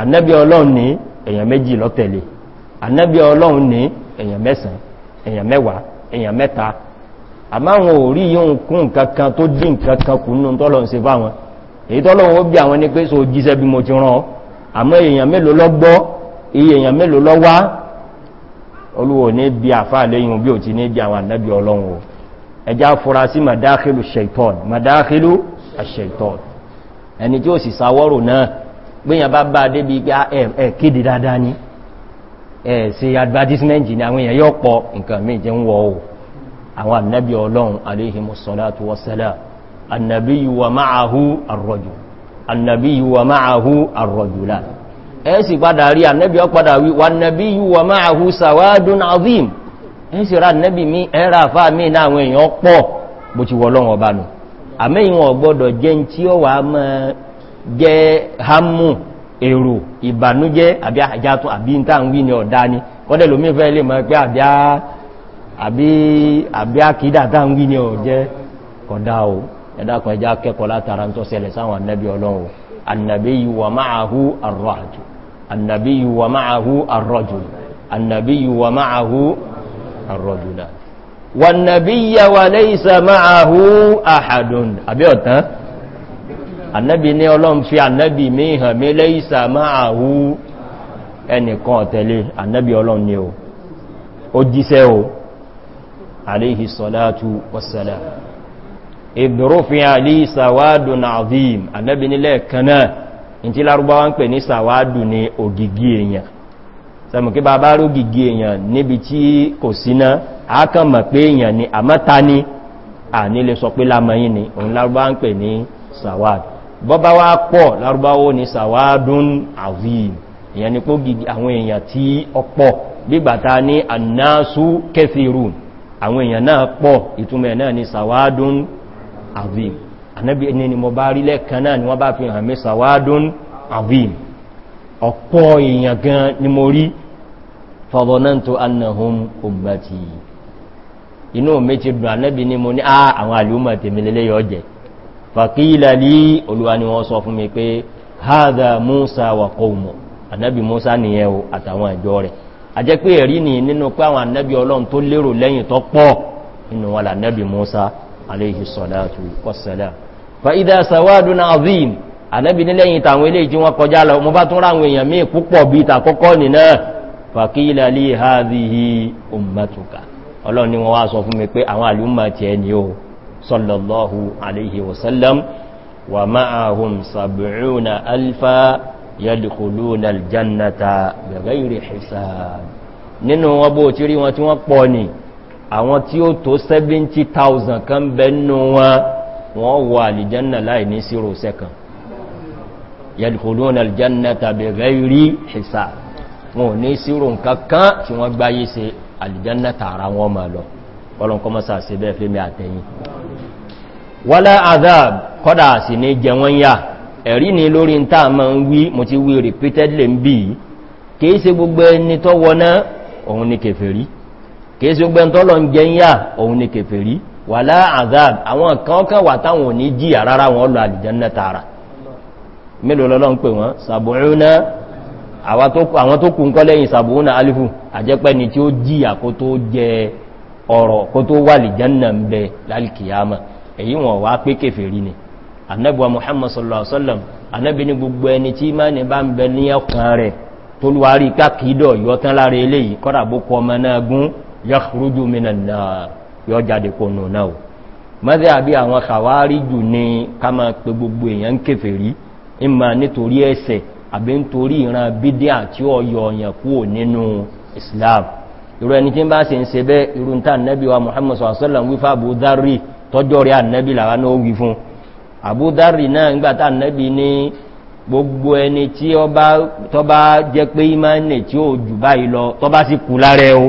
annabi ọlọ́run ní èyàn méjì lọ́tẹ̀lé annabi ọlọ́run ní èyàn mẹ́sàn èyàn mẹ́wàá èyàn mẹ́ta àmá àwọn orí yíò kún nkankan tó dín nkankan kù nínú tọ́lọ̀ ń se fáwọn èyí tọ́lọ̀wọ́ bí àwọn ní pé so jíṣẹ́ bí mo ti rán àmọ́ èyàn mélòó lọ shaitan madáhìlú shaitan ẹni tí ó sì sáwọ́rò náà gbéyàn bá bá débi ah, ẹ̀ kéde dáadáa ní ẹ̀ e advertisement ní àwọn èèyàn yóò pọ̀ nǹkan mí jẹ́ ń wọ́ o àwọn annabi ọlọ́run aléhìmọ̀ wọ́sẹ́lá annabi yuwa ma'ahu arrọ̀jù annabi yuwa annabi ọpadà annabi yuwa ma'ahu ra annabi jẹ́ hamu èrò ìbànújẹ́ àbí àjátún àbí ń tàn wí ní ọ̀dá ni kọ́dẹ̀ lómi fẹ́ lè mọ̀ pé àbí àkídà tàn wí ní ọ̀jẹ́ kọ̀dá o ẹ̀dàkùn ẹja kẹ́kọ̀ọ́ látara tó ṣẹlẹ̀ sáwọn annabi ọlọ́run annabi wa ma'ahu arrajul annabi ní ọlọ́run fi annabi mi hàn mí lẹ́yìsà máa hú ẹnìkan ọ̀tẹ̀lé annabi ọlọ́run ni o ó jíṣẹ́ o aléhì sọ́látù wọ́sẹ̀lá ìbìrófin alì sàwádù na azim annabi nílẹ̀ kanáà in ti lárúbáwá ń pè ní sàwádù ní ògìgí èèyàn sẹ́mùkí bàbá rógìgí èèyàn níbi tí kò síná àákànmọ̀ pé èèyàn ni àmọ́ta ni à nílé sọ pé lámọ́yìn ni òun lárúbáwá ń pè ní sàwádù bọ́bá wá pọ̀ lárúbáwó ní sàwádún àwìn èyàn ni pó gidi àwọn èèyàn tí ọpọ̀ gbígbàta ní annásu kẹfìrù àwọn èèyàn náà pọ̀ ìtumẹ̀ náà ni sàwádún àwìn anábi ẹni ni mo bá rí lẹ́kan náà ni wọ́n bá fi hàn mí sàwádún àwìn ọ̀pọ̀ ni mo rí fọ́bọ̀nántó annahun ummati inú méjì dùn anábi ni mo ní àwọn àlúmọ̀ fàkílà lí olúwa ni wọ́n sọ fún mi pé haza musa wà kọ́ùmọ̀ annabi musa nìyẹn o àtàwọn ẹjọ́ rẹ̀ a jẹ́ pé ẹ̀rí ni nínú pé àwọn annabi ọlọ́run tó lérò lẹ́yìn tó pọ̀ nínú wọn lànàbì musa aléhì sọ̀látù kọsẹ̀lá fa idá sawadun azim annabi ní lẹ́yìn tàwọn ilé ìjí wọn kọjá lọ mo bá tún ráwọn èèyàn míì hazihi ummatuka ọlọ́run ni wọ́n wá sọ fún mi pé àwọn àlúmọ̀ tiẹ̀ ni o sallallahu alaihi wasallam wa ma'ahum sabi'una alfa yadkhuluna aljannata bighayri hisab nínú wọn bó ti rí wọn tí wọ́n pọ̀ ni àwọn tí ó tó 70,000 kan bẹnu wọn wọ́n wọ alìjanna láì ní zero second yadkhuluna aljannata bighayri hisab wọn ò ní sírò nǹkankan tí wọ́n gbáyé ṣe alìjanna tààrà wọn ma lọ ọlọ́nkọ́ mọ́sá sí bẹ́ẹ̀ fẹ́ mẹ́ àtẹ́yìn wọ́lá azab kọ́dà sí ní jẹwọ́n yà ẹ̀rí ni lórí ń tàà ma ń wí mo ti wí repeatedly ń bí kìí ṣe gbogbo ẹni tó wọná òun ni kèfèrí kìí ṣe gbogbo ẹni tó lọ ń jẹ yà òun ni kèfèrí wàlá azab àwọn kan kan wà táwọn ò ní jìyà rárá wọn lọ àlìjẹ́nà tààrà mélòó lọ́lọ́ ń pè wọ́n sàbòrúnà àwọn tó kù ń kọ́ lẹ́yìn ń bẹ lálìkìyàmà èyí wọn wá pé kèfèrí ni anẹ́bùwa muhammad sallallahu alaihi wasallam anẹ́bì ní gbogbo ẹni tí máa ní bá ń bẹ ní ọkàn rẹ̀ tó lùwárí kákìídọ̀ yọ tán lára eléyìí kọ́dà bó kọ ọmọ náà gún yakhruju minan nar yọ jáde kó nù náà mọ́sẹ́ àbí àwọn kàwárí jù ní ká máa pe gbogbo èèyàn kèfèrí ìmà nítorí islam irú ẹni tí ń bá se ń se bẹ́ irú ń nẹ́bíwa muhammad wasallam wífà bú tọ́jọ́ rí ànẹ́bí làwá náà wí fún àbúdárì náà ngbàtà ànẹ́bí ní gbogbo ẹni tí ọ bá jẹ́ pé ìmánì tí ó jù báyìí lọ tọ́ bá sì kú lárẹ o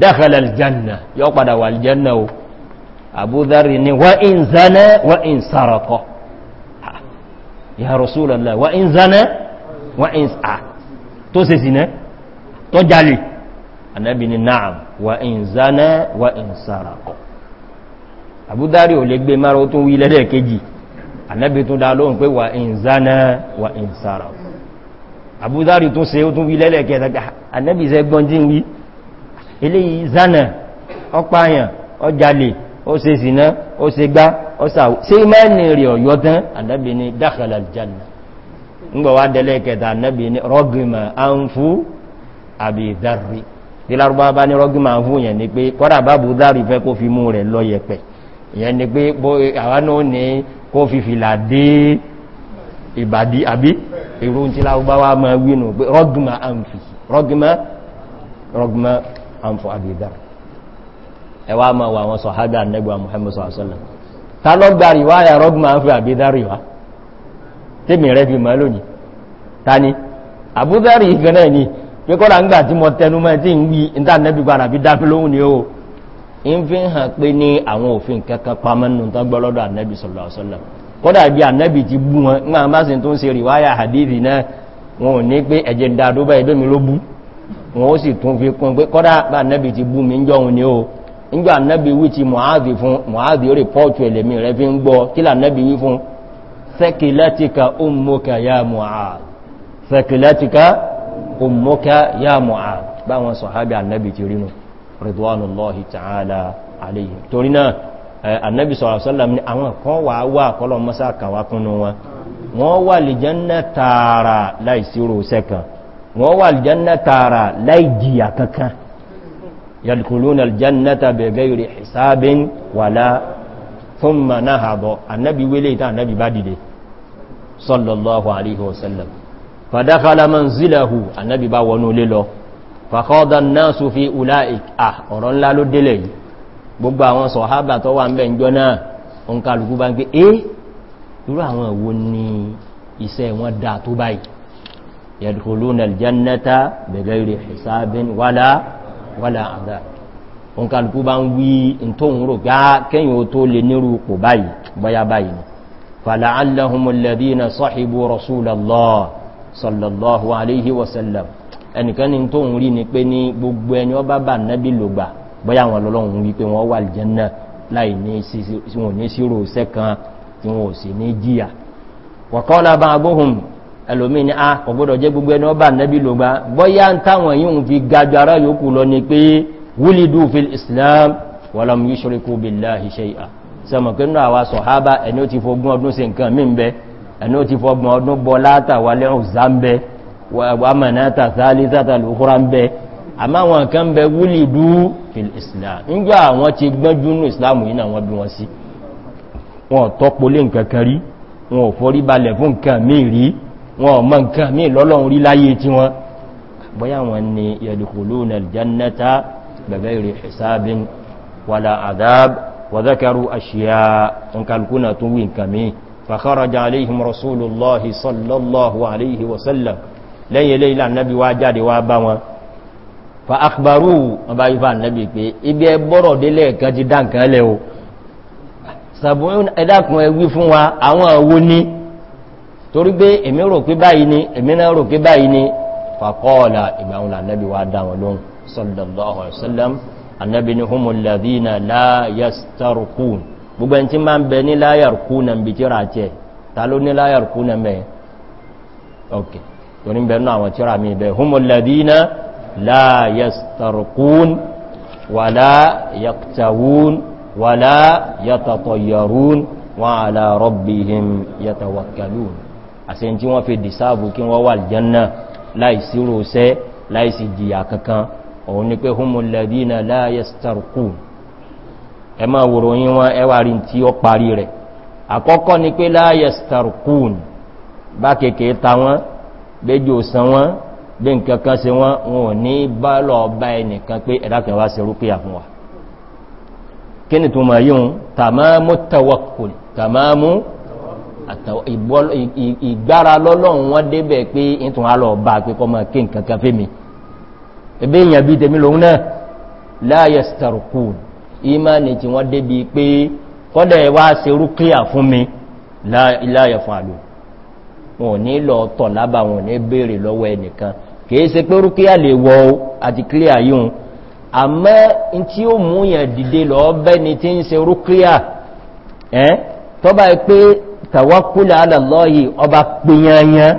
dákàlẹ̀ aljanna yọ padà wà aljanna o àbúdárì ní wà ń zaná wà ń sàrọ̀kọ́ ya rasulallah wà ń àbúdárì ò lè gbé mara ó tún wí lẹ́dẹ̀ kejì ànẹ́bì tún dá lóhun pé wà ń zánà wà ń sára àbúdárì tún se ó tún wí lẹ́lẹ̀ kẹta ànẹ́bì sẹ gbọ́njí wí eléyìí zánà ọpáyàn ọjàlè ó se sínà ó se gbá ó sàwọ́ sí mẹ́rin rẹ̀ ọ̀yọ́ ni dákàlà jànà ńgbọ̀ ni rọ́gìmọ̀ àǹfú àbì ìdárì tí lárúbá bá ní rọ́gìmọ̀ àǹfú yẹn ni pé kọ́dà bá bú dárì fẹ́ kó fi mú rẹ̀ lọ́yẹ̀pẹ̀ ìyẹn ni pé àwọn náà ní kó fi fìlà dé ìbàdí àbí ìrú tí láwọ́gbáwá ma wínú pé rọ́gbìmá àǹfì rọ́gbìmá rọ́gbìmá àǹfò àbìdá ẹwà ma wà wọn sọ̀hádà nẹ́gbà muhammad sọ̀hásọ́lá ta lọ́gbà ríwáyà rọ́gbìmá àǹfì àbìdá ríwá tèmi rẹ̀ fi ni àbúdá rí ìfẹ́ náà ni pé kọ́ra ń gbà tí mo tẹnu mọ́ tí ń in fi hàn pé ní àwọn òfin kankan pamọ́nù tó gbọ́lọ́dọ̀ annabi sallallahu alaihi wasallam kódà bí annabi ti bú wọn nígbà bá sì tó ń ṣe ríwáyà hadithi náà wọn ò ní pé ẹ̀jẹ̀ dáadọ́bà ẹ̀dọ́mi ló bú wọn ó sì tún fi kún pé kódà bá annabi ti bú mi ń jọun ní o nígbà annabi wí ti mu'adhi fún mu'adhi ó rí pọ́ọ̀tù ẹlẹ́mí rẹ fi ń gbọ́ kí lànàbì wí fún thaqilatika ummuka ya mu'adh thaqilatika ummuka ya mu'adh báwọn sọ̀hábì annabi ti rínú ridwanullahi ta'ala alayhim torí náà annabi sallallahu ni àwọn kan wà wà kọlọ mọ́sá kàwà kúnnú wọn wọ́n wà lè jẹ́nà tààrà láìsírò sẹ́kàn wọ́n wà lè jẹ́nà tààrà láìjìyà kankan yadkhuluna aljannata bi ghayri hisabin wala thumma nahaba annabi wele ita annabi bá dìde sallallahu alaihi wasallam fadakhala manzilahu annabi bá wọnú lé lọ fàkọ́dọ̀ náà sọ fi ulá ìkà ọ̀rọ̀ ńlá ló délẹ̀ yìí gbogbo àwọn sọ̀hábà tó wà ń bẹ̀ ìjọ náà òun kàlùkú bá ń pé é eh, irú àwọn ìwò ni iṣẹ́ wọn dá tó báyìí yadkhuluna aljannata ah, sallallahu alaihi wasallam ẹnìkan ní tó ń rí ni pé ní gbogbo ẹni ọ bá bà nábì lògbà bọ́yá wọn lọ́lọ́run wípé wọ́n wà Al-Jannah láì ní sírò sẹ́kan tí wọ́n sì ní jíyà wa qala ba'duhum ẹlòmí ni a ah, ọgbọ́dọ̀ jẹ́ gbogbo ẹni ọ bá nábì lògbà bọ́yá táwọn yíò fi Islam walam yushriku billahi shay'a sọmọ̀ pé nínú àwa sọ̀hábà ẹni ó ti fọgbọ́n ọdún ṣe wà mọ̀nátà sálítàtà lókúrá ń bẹ àmá wọn kan bẹ wúlì dú fil islam nígbà àwọn ti gbọ́njú ní islam yìí náà wọ́n bí wọn sí wọn tọ́pọ̀ lé nǹkan kan rí wọn ò forí balẹ̀ fún nǹkan míì rí wọn ò mọ nǹkan míì lọ́lọ́run rí láyé tí wọn bọ́yá wọn ni yadkhuluna aljannata bighairi hisabin wala adab وذكروا أشياء انكالكنا توين كمي فخرج عليهم رسول الله صلى الله عليه وسلم lẹ́yìn ilé ilé ànábí wá jáde wá bá wọn fa akbaru ọba ifá ànábí pé ibi ẹgbọ́rọ̀ délẹ̀ kan ti dá nǹkan lẹ́ o sàbọ̀n ẹ̀dàkùn ẹwí fún wa àwọn owó ní torí pé èmi rò pé báyìí ni èmi náà rò pé báyìí ni fàkọ́ọ̀lá ìgbàhùn ànábí wá torí bẹ̀rún àwọn tíra mi bẹ̀ húnmọ̀lẹ́dínà láyẹ̀starkún wàlá yàktàwún wàlá yàtàtọ̀yàrún wọn àlà rọ́bìhìm yàtàwàkàlùn àṣẹ tí wọ́n fi dìsáàbù kí wọ́n wà jẹ́nà láìsíròsẹ́ láìsí jìyà kankan òun ni pé húnmọ̀lẹ́dínà láyẹ̀starkún ẹ máa wòròyìn wọn ẹwàrí tí ó bẹ́jọ san wọ́n bí nǹkan kan ṣe wọ́n wọn ò ní bá lọ bá ẹnìkan pé ẹ̀dàkẹ̀wà ṣe rúkíyà fún wa kí ni tó ma yíò tàmámú tawakkul tàmámú ìgbára lọ́lọ́run wọ́n débẹ̀ pé ìtùn alọ̀ bá pé kọ́ ma kí nǹkan kan fẹ́mi ebe èyàn bí tèmi lòun náà la yastarqun ìmáni tí wọ́n débi pé kọ́dẹ̀ wá ṣe rúkíyà fún mi la ilaha fún àlùkù wọn ò ní lọ tọ̀ lábà wọn ò ní béèrè lọ́wọ́ ẹnìkan kìí ṣe pé rúkíyà lè wọ àti clear yíun àmọ́ in tí ó mú yàn dìde lọ bẹ́ni tí ń ṣe rúkíyà ẹ́ yi pé alàlọ́yì ọba pinyanyan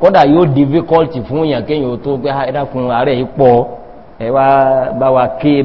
kódà yóò difficult fún fun kéyàn tó pé ẹ́dàkùn ààrẹ ipọ̀ ẹwà bá wa ké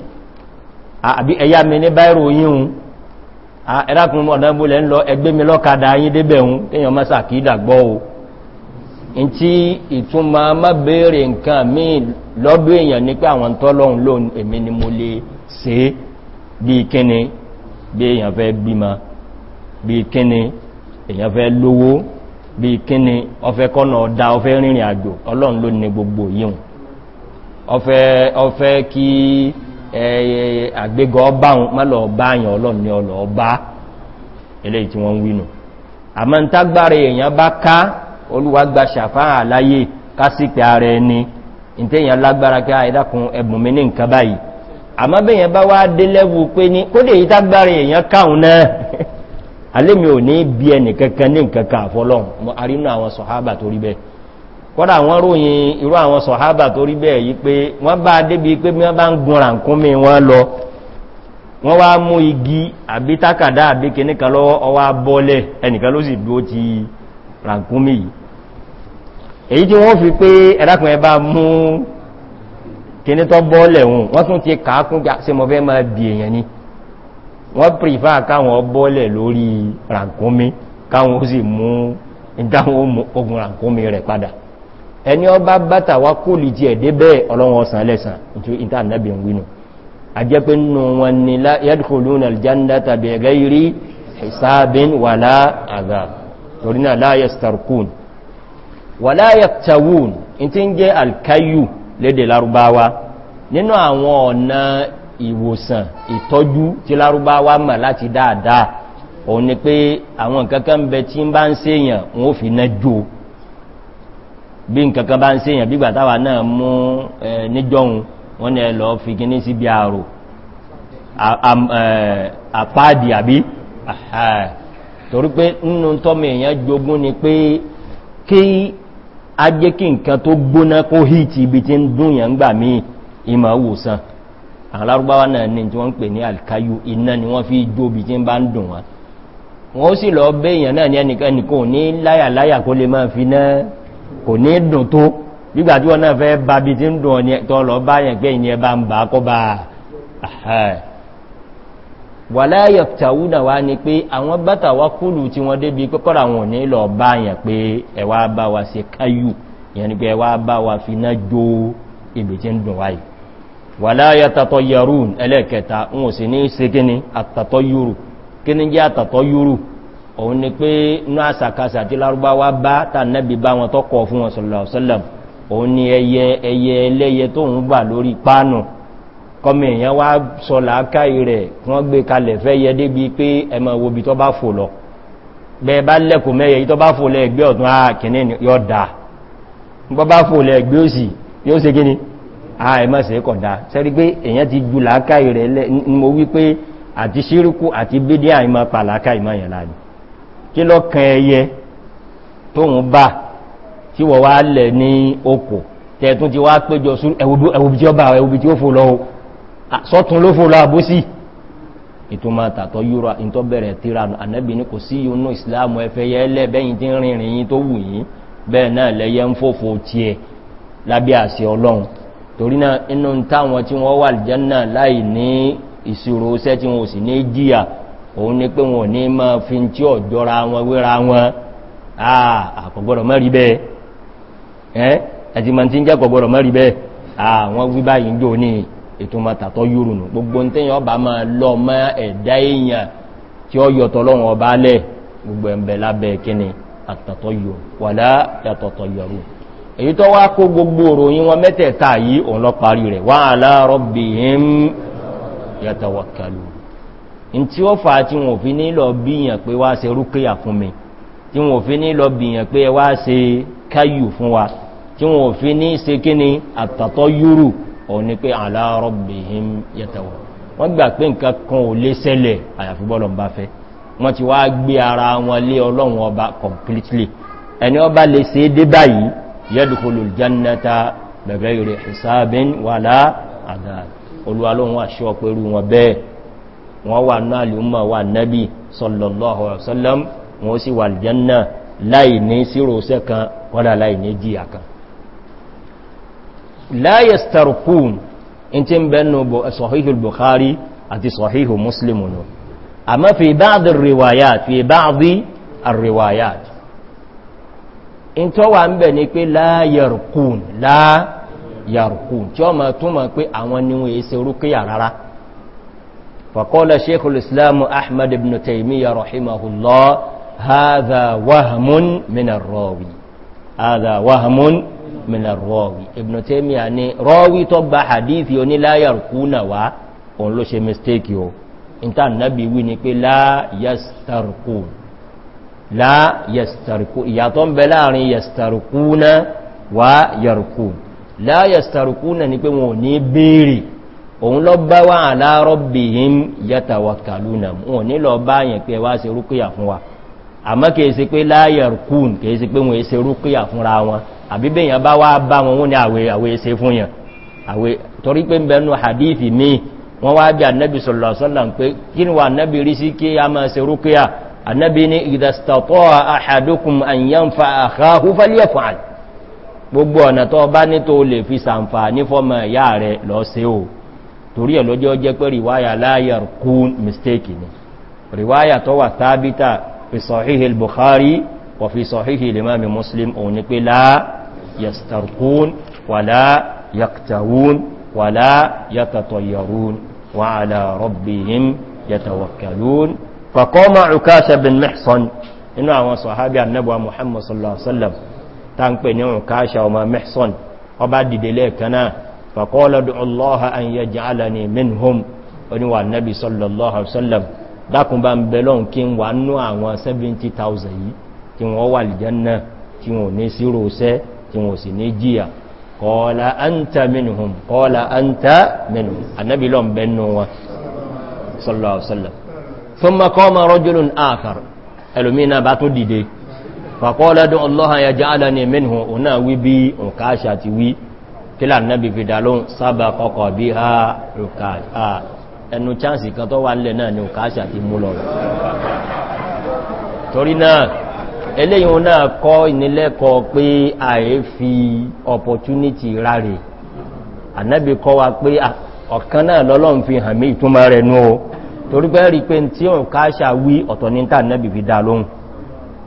àbí ẹ̀yà mi ní báyìí yíhun ẹ̀rákùn ọ̀dọ́gbólẹ̀ ń lọ ẹgbẹ́ mi lọ́kadà yín débẹ̀hun kíyàn mọ́sà kí ìdàgbọ́ o in tí ìtumọ̀ má bèèrè nǹkan míì lọ́dún èèyàn ní pé àwọn tọ́lọ́hun lóhun èmi ni mo lè ṣe bí kíni bí èèyàn fẹ́ bímọ bí kíni èèyàn fẹ́ lówó bí kíni kí àgbégọ́ báhùn mọ́lọ̀ báyàn ọlọ́ni ọlọ́ bá ilé tí wọ́n wínú àmọ́ ń tágbàrẹ èèyàn bá ká olúwàgbà ṣàfáà aláyé kásìpẹ̀ ara ẹni ìtẹ́yàn lágbára ká ẹ̀dàkùn ẹ̀bùn mi ní nǹkan báyìí bá wá dé lẹ́wù pé ní kódè yí tágbàrẹ èèyàn káhùn náà alémi ò ní bí ẹnì kankan ní nǹkan kọ́dà wọ́n ròyìn irú àwọn sọ̀hábà tó rí bẹ́ẹ̀ yí pé wọ́n bá débi pé wọ́n bá ń gun ràǹkúnmí wọ́n lọ wọ́n wá mú igi àbí tákàdá àbí kìníkan lọ́wọ́ ọwá bọ́lẹ̀ ẹnìkan ló sì bí ó ti ràǹkúnmí yìí èyí tí wọ́n fi pé ẹ̀dàkùn ẹ bá mú kìní tó bọ́lẹ̀ mú ìdáhùn ogun ràǹkúnmí rẹ̀ padà ẹni ọba bàtà wá kó lè jẹ́ ẹ̀dẹ́ bẹ́ẹ̀ ọlọ́wọ́ ọ̀sán lẹ́sàn tí ìta ànábì ń wínú àjẹ́ pé nínú wọn ni yadkhuluna aljannata bi ghairi hisabin wala adhab torí náà la yastarkun wala yaktawun in ti ń jẹ́ alkayu lédè larubawa nínú àwọn ọ̀nà ìwòsàn ìtọ́jú tí larubawa mọ̀ láti dáadáa òun ni pé àwọn kankan bẹ tí ń bá ń séèyàn wọn ò fi náà jó bí nkankan bá ń se èyàn bígbà táwà náà mú níjọun wọ́n ni ẹlọ fi gíní sí bí àrò àpáàdì àbí torí pé nínú tọ́mọ èyàn jogún ni pé kí a jẹ́ kí nkan tó gbóná kó hìtì ibi tí ń dúnyàn ń gbà mí ìmọ̀ òwòsàn àwọn lárúbáwá náà ní tí wọ́n ń pè ní alkayu iná ni wọ́n fi jóbi tí ń bá ń dùn wọn wọ́n sì lọ bẹ́ èyàn náà ní ẹnìkan ní láyàláyà kó lè máa fi náà kò ní dùn tó nígbà tí wọ́n náà fẹ́ bá bí tí ń dùn ọ̀nì ẹ̀tọ́ lọ bá yẹn pé ìyẹn bá ń bà kọ́ bá wà láyẹ̀ tàwúnà wá ní pé àwọn bátà wá kúlù tí wọ́n débi pẹ́kọ́rà wọn ní lọ bá yẹn pé ẹwà bá wa se káyù yẹn ni pé ẹwà bá wa fi ná jó ibi tí ń dùn wáyì wà láyẹ̀ tàtọ̀ yẹrùn ẹlẹ́ẹ̀kẹta wọn sì ní ṣe kíni àtàtọ̀ yúrù kíni jẹ́ àtàtọ̀ yúrù òun ni pé inú àsàkásà tí lárúbáwá bá tànẹ́bì bá wọn tọ́kọ̀ fún wọn sọ̀lọ̀sọ́lọ̀m òun ni ẹyẹ ẹyẹ ẹlẹ́yẹ tó ń bà lórí páànù kọmọ èèyàn wá sọ làákàí rẹ̀ wọ́n gbé kalẹ̀ fẹ́ yẹ débi pé ẹmọ wobi tó bá fò lọ bẹ́ẹ̀ bá lẹ́kùn mẹ́yẹ tó bá fò lẹ́gbẹ́ lẹ́ mo wí kí lọ kan ẹyẹ tóhun bá tí wọ́n wá lẹ̀ ní okò tẹ̀ẹ̀tún ti wá péjọ sórí ẹwùbí tí ó bá ẹwùbí tí ó fò lọ sọ́tún ló fò lọ àbúsí ìtumọ̀ tàtọ̀ yúra in tó bẹ̀rẹ̀ tíranu anẹ́bì ní kò sí yónú ìsìláàmù ẹfẹ́ yẹ lẹ́bẹ̀yìn tí ń rìnrìn yí tó òun ni pé wọn ní máa fi tí ó jọra wọn wéra wọn àkọ̀gbọ́rọ̀ ah, mọ́ rí bẹ́ẹ̀ ẹ́ ma ti ń jẹ́kọ̀gbọ́rọ̀ mọ́ rí bẹ́ẹ̀ àwọn ah, wíbá yìí ní ètò matatọ́ yúrùnù gbogbo ma gbogbo èyí tó wá kó gbogbo òròyìn wọn mẹ́tẹ̀ẹ̀ta yìí òun lọ parí rẹ̀ wà in tí ó fà tí wọ́n fi ní lọ bíyàn pé wá ṣe rúkíyà fún mi tí wọ́n fi ní lọ bíyàn pé wá ṣe káyù fún wa tí wọ́n fi ní ṣe kí ni àtàtọ́ yúrù ọ̀ ala rabbihim yatawa wọ́n gbà pé nǹkan kan ò lè ṣẹlẹ̀ àyàfi bọ́lọ̀ bá fẹ́ wọ́n ti wá gbé ara wọn lé ọlọ́run ọba completely eni ọba lè ṣe dé báyìí yadkhulul jannata bighairi hisabin wala adab olúwa lóhun àṣọ pẹ̀lú wọn bẹ́ẹ̀ wọ́n wà náà lè mọ̀ wà nábi sallallahu alaihi wasallam wọ́n sì wà aljanna láì ní síròsẹ́ kan kọ́dá láì ní jíyà kan la yastarqun in ti ń bẹnu sahihul bukhari àti sahihu muslimu nù àmá fi ba'd riwayat fi ba'd riwayat in tó wà ń bẹ̀ ni pé la yarqun la yarqun tí ó ma túnmọ̀ pé àwọn ni èsè orúkẹ́ rárá فقال شيخ الإسلام أحمد بن تيمية رحمه الله هذا وهم من الراوي هذا وهم من الراوي ابن تيمية يعني راوي طب حديث يوني لا يركون و on lo se mistake yo nta nabi wi ni pe la yastarqun la yastarqu ya to nbe laarin yastarquna wa yarqun la yastarquna ni pe won ni beere òun lọ bá wà aláàrọ̀ bí i ń yàtàwà kàlùnà wọn ní lọ bá yẹn pé wá ṣe rúkúyà fún wa àmọ́ kìí sí pé láyẹ̀r kún kìí sí pé wọ́n ṣe rúkúyà fúnra wọn àbíbẹ̀yàn bá wá bá wọn wọ́n ní àwẹ̀ àwẹ̀ ṣe fún yàn àwẹ̀ torí pé bẹnu hadithi ní wọ́n wá bí annabi sọ̀lọ̀sọ́lọ̀ pé kí ni wa annabi rí sí kí gbogbo ọ̀nà tó bá ní tó lè fi sàǹfà ní fọ́mọ̀ ìyá rẹ̀ lọ́sẹ̀ o torí ẹ̀ lọ́jọ́ jẹ́ pé riwaya láyàr kún mistake ni riwaya tó wà tábítà fi sọ̀híhì bukhari wà fi sọ̀híhì limami muslim òun ni pé láà yastarkún wà láà yaktawun wà láà yatatoyarun wà àlà rọ̀bìhim yatawakkalun fakọ́mà ukasha bin mihsan inú àwọn sọ̀hábí annabuwa muhammad sallallahu alaihi wasallam ta ń pè ní ukasha ọmọ mihsan ọba dìde lẹ́ẹ̀kanáà fàkọ́lá dùn allaha an yẹ jàálà ní minhum oníwà nabi sallallahu alaihi wasallam dákùn bá ń belon kí wà nú àwọn 70,000 yìí tí wọ́n wà lìjánná tí wọ́n ní sírò sẹ́ tí wọ́n sì ní jíyà kọ́lá anta minhum kọ́lá anta minhum annabi lọ bẹnu wọn sallallahu alaihi kílà nẹ́bí fi dá lóhun sábà kọkọ̀ bí ha rùkàṣà ẹnu chánsì kan tó wà nílẹ̀ náà ni rùkàṣà ti mú lọ torí náà eléyìn náà kọ́ ìnílẹ́kọ̀ọ́ pé ààrẹ fi opportunity rárẹ̀ ànẹ́bí kọ́ wa pé ọ̀kan náà lọ́lọ́n fi hàn mí ìtúmọ̀ rẹ̀ nú o torí pé rí pé tí òun káṣà wí ọ̀tọ̀ ní nẹ́bí fi dá lóhun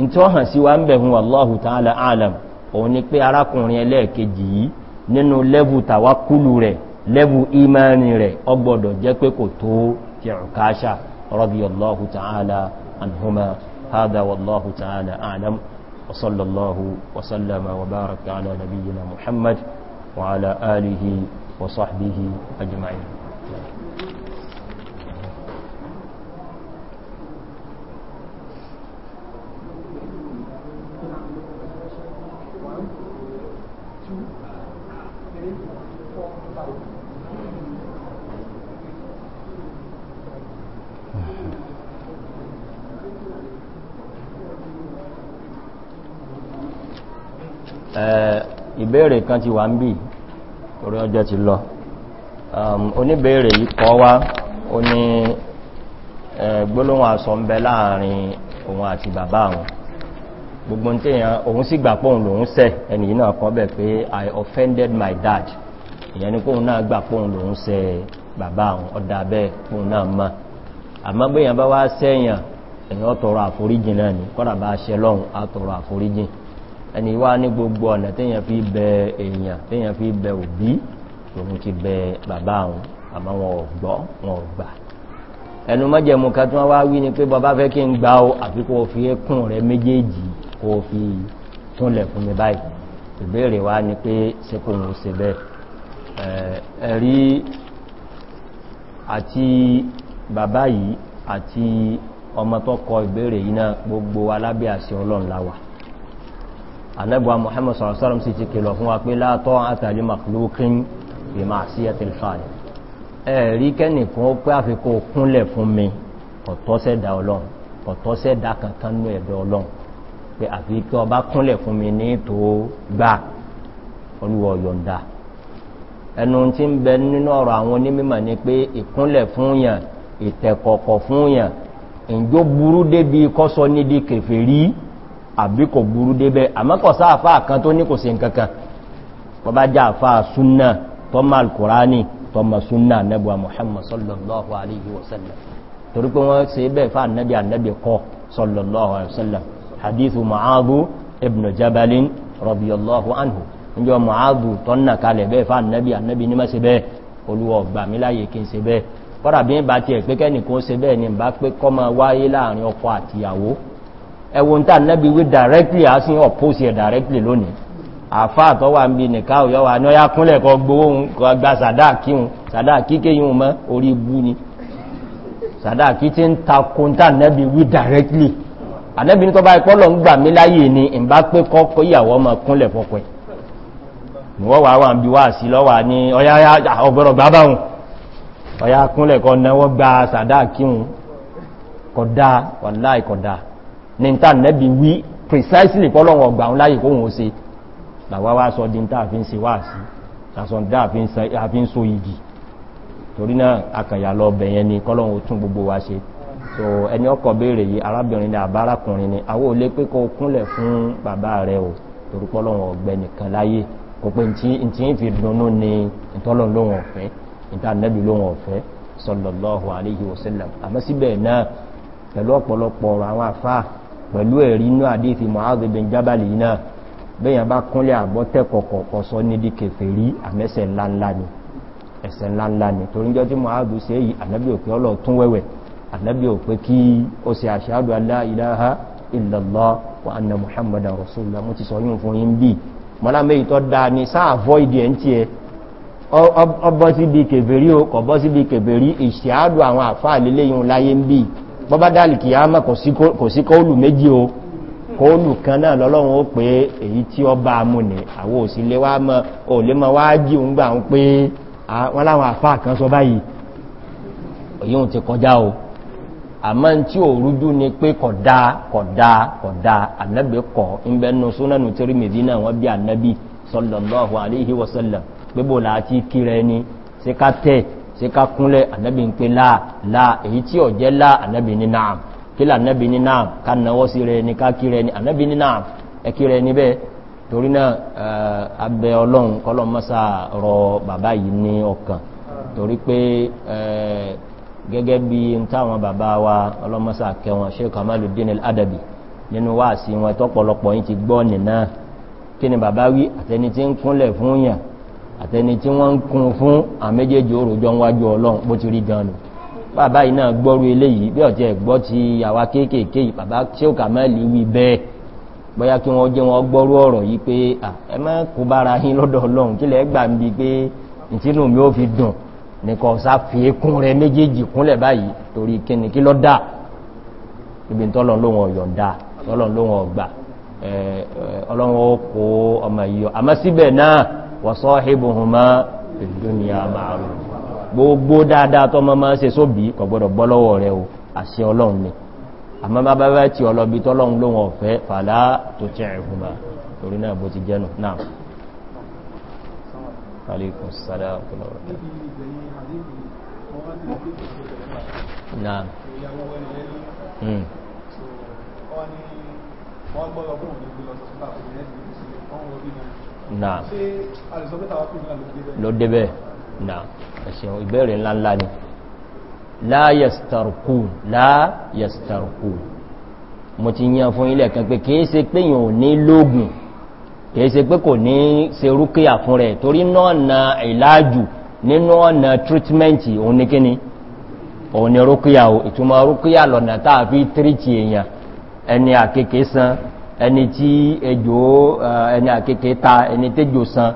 in tí ó hàn sí wa ń bẹ̀hún wallahu ta'ala alam òun ni pé arákùnrin ẹlẹ́ẹ̀kejì yìí nínú lẹ́bù tàwákúlù rẹ̀ lẹ́bù ìmánì rẹ̀ ọgbọ̀dọ̀ jẹ́ pé kò tó Urkasha radiyallahu ta'ala anhuma hada wallahu ta'ala alam wa sallallahu ìbéèrè kan ti wà ń bí torí ọjọ́ ti lọ um, oníbéèrè yìí kọ́ wá ó ní gbólóhùn asọ ń bẹ láàrin òun àti bàbá àwọn gbogbo tí èyàn òun sì gbà pòun lòun ṣẹ̀ ẹni náà kọ́ bẹ̀ pé i offended my dad ìyẹn ni kóun náà gbà pòun lòun ṣẹ̀ bàbá àwọn ọ̀dà bẹ́ẹ̀ pòun náà mọ́ àmọ́ bí èyàn bá wá ṣẹ̀yàn èyàn tọrọ àforíjìn náà ni kọ́dà bá ṣẹ lọ́hùn àforíjìn ẹni wá ní gbogbo ọ̀nà téèyàn fi bẹ èèyàn téèyàn fi bẹ òbí òun ti bẹ bàbá àwọn àmọ́ wọn ò gbọ́ wọn ò gbà ẹnu mọ́jẹ̀mú kan tí wọ́n wá wí ni pé bàbá fẹ́ kí n gbà ó àfi kó fi ẹkùn rẹ méjèèjì kó fi túnlẹ̀ fún mi báyìí ìbéèrè wá ni pé ṣe anẹ́bùwa Muhammad sọ̀rọ̀sọ́rọ̀ sí ti kìlọ̀ fún wa pé látọ́ àtàlí makhlukin fi ma'siyatil khaliq ẹ̀rí kẹ́nìkan ó pé àfikò kúnlẹ̀ fún mi ọ̀tọ́sẹ́dà ọlọ́run ọ̀tọ́sẹ́dà kankan ní ẹ̀dọ̀ ọlọ́run pé àfikò ọba kúnlẹ̀ fún mi ní tó gbà olúwọ̀ yọ̀ǹda ẹnu tí ń bẹ nínú àbí kò burú débẹ̀ àmọ́kọ̀ sáàfà kan tó ní kò sí nkankan wọ́n bá já àfà súnnà tó alkùránì tó súnnà nẹ́bùwa muhammad sallallahu alaihi wasallam torí pé wọ́n se bẹ́ fà nẹ́bí ànẹ́bí kọ́ sallallahu alaihi wasallam hadithu ma'adhu ibn jabalin radiyallahu anhu injọ ma'adhu tọ́nà kalẹ̀ bẹ́ fà nẹ́bí ànẹ́bí ní mẹ́sẹ̀ bẹ́ olúwọ̀ gbàmíláyè kí n se bẹ́ fọ́dà bí n bá ti ẹ̀ pé kẹ́nìkan se bẹ́ẹ̀ ni bá pé kọ́ ma wáyé láàrin ọkọ àtìyàwó ẹwọ́n tàà nẹ́bí wí directly a sí ọ̀pọ̀sí ẹ̀ directly lónìí àfáà tó wà ń bí nìká òyọ́ wà ní ọya kúnlẹ̀ kọ gbówóhun kọ gba sàdáàkíhun sàdáàkíké yíhun mọ́ directly ànẹ́bí ní tó bá ìpọ́lọ̀ ń gbà mí láyè ni ìbá pé kọ́kọ́ ìyàwó ọmọ kúnlẹ̀ fọ́pẹ́ ìwọ́ wà wà ń bí wà sí lọ́wà ní ọya ọgbọ̀rọ̀ gbábáhun ọya kúnlẹ̀ kọ náwọ́ gba sàdáàkíhun kọ̀dá wà láì kọ̀dá ní ta nẹ́bí wí precisely pọ́lọ́wọ̀n ọgbà ń láyé kóhun ó se làwá wá sọ di ta fi ń se wá sí lásọ̀ dá so igi torí náà akàyà lọ bẹ̀yẹn ni kọ́lọ́wọ̀n ó tún gbogbo wa ṣe so ẹni ọkọ̀ béèrè yìí arábìnrin ni àbárakùnrin ni awó olé pé kó kúnlẹ̀ fún bàbá rẹ̀ o torí pọ́lọ́wọ̀n ọgbẹ́ nìkan láyé kò pé tí fi dunnú ni ìtọ́lọ̀ lóhun ọ̀fẹ́ pẹ̀lú ọ̀pọ̀lọpọ̀ ọ̀rọ̀ àwọn àfáà pẹ̀lú ẹ̀rí inú àdífi Mu'adh bin Jabal náà bẹ́yàn bá kúnlẹ̀ àbọ́tẹ́ kọ̀kọ̀kọ̀ sọ ní di kèfèrí àmẹ́sẹ̀ ńláńlá ni ẹ̀ṣẹ̀ ńláńlá ni torí jọ tí Mu'adh ṣe yìí ànábì òpé ọlọ̀ tún wẹ́wẹ̀ ànábì òpé kí ó ṣe ashhadu an ilaha illallah wa anna Muhammadan rasulullah mo ti sọ yún fún yín bí avoid ẹ̀ ń tiẹ̀ ọbọ́ sí bí kèfèrí o kọ̀bọ́ sí bí kèfèrí ìṣẹ́ bọ́bá dálì kìí àmà kò sí kóòlù méjì o kóòlù kan náà lọ́lọ́run ó pé èyí tí ọ bá mú ní àwọ òsìlé wá mọ́ ò lè mọ́ wájí òun gbà ń pé wọ́n láwọn àfá kan sọ báyìí èyí ti kọjá o àmọ́ tí ò rújú ni pé kọ̀dá kọ̀dá kọ̀dá ànábì kọ̀ ìbẹ̀nu súnánù tí rí mèdínà wọ́n bí ànábì sọ́lọ̀lọ́hùn sí ká kúnlẹ̀ ànábì ń pè láà láà èyí tí ò jẹ́ láà ànábì ní náà kí là ànábì ní náà ká náwọ́ sí rẹ̀ ní ká kí rẹ̀ ní ànábì ní náà ẹkí rẹ̀ níbẹ̀ torí náà eh, abẹ ọlọ́run kọlọ́n eh, wa ọlọ́mọ́sá kẹwọn Sheikh Kamaluddin adabi nínú wáàsí wọn tọ́pọ̀lọpọ̀ yìí ti gbọ́ nìna kí ni bàbá wí àtẹni tí ń kúnlẹ̀ fún yàn àtẹni tí wọ́n ń kún fún àméjèèjì òròjọ́ wájú ọlọ́run bó ti rí gan nù bàbá iná gbọ́rú eléyìí bí ọ̀tí ẹ̀gbọ́ ti àwa kéékèèké bàbá ṣéò kàmẹ́lì wí bẹ́ẹ̀ bóyá kí wọ́n jẹ́ wọn gbọ́rú ọ̀rọ̀ yìí pé ẹ má kó bára yín lọ́dọ̀ ọlọ́run kí lẹ́ gbà ń bi pé ìtínú mi ó fi dùn nìkan ọ̀sá fi ekún rẹ ló wọn yọ̀ǹda ọlọ́run ó kó ọmọ yìí àmọ́ síbẹ̀ náà wàsọ́hìbùhùnmá ìdúnìyà màárùn gbogbo dáadáa tọ́ máa ṣe sóbí kò gbọdọ̀ bọ́ lọ́wọ́ rẹ̀ o àṣẹ ọlọ́run ni àmọ́ bá bá tí ọlọ́bí tọ́lọ́run lóhun ọ̀fẹ́ fàlá tó tẹ́ ẹ̀hùnmá torí náà bó ti jẹ́nu náà alaikum salam náà wọ́n gbọ́dọ̀ bóhùn ní gbílọ̀ sọ́sọ́lá Na, ló débẹ̀ náà ẹ̀ṣẹ̀ ìbéèrè ńláńlá ni láyẹ̀stàrkùn láyẹ̀stàrkùn mo ti yàn fún ilẹ̀ kan pé kìí ṣe pé yàn ò ní lóògùn kìí ṣe pé kò ní ṣe rúkíyà fún rẹ̀ torí náà na ìlàájù nínú ọ̀nà tírítímẹ́ntì òun ní kíni òun ni rúkíyà ò ìtumọ̀ rúkíyà lọ̀nà táà fi tíríti èèyàn ẹni àkèké san ẹni tí ejò ẹni àkèké ta ẹni tejò san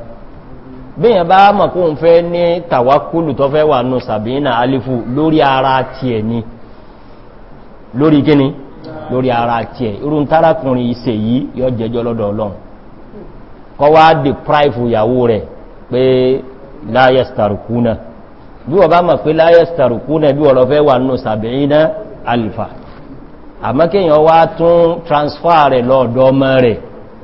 bíyàn bá mọ̀ kó ń fẹ́ ní tàwákúlù tó fẹ́ wà nù sàbínà alifu lórí ara tiẹ̀ ni lórí kíni lórí ara tiẹ̀ irun tárakùnrin ìṣe yìí yọ jẹjọ lọ́dọ̀ ọlọ́run kọ́ wá deprive ìyàwó rẹ̀ pé láyẹ̀starukúnà bí wọ́n bá mọ̀ pé láyẹ̀starukúnà bí wọ́n lọ fẹ́ wà nù sàbínà alifa àmọ́ kéèyàn wá tún transfer rẹ̀ lọ́ọ̀dọ̀ ọmọ rẹ̀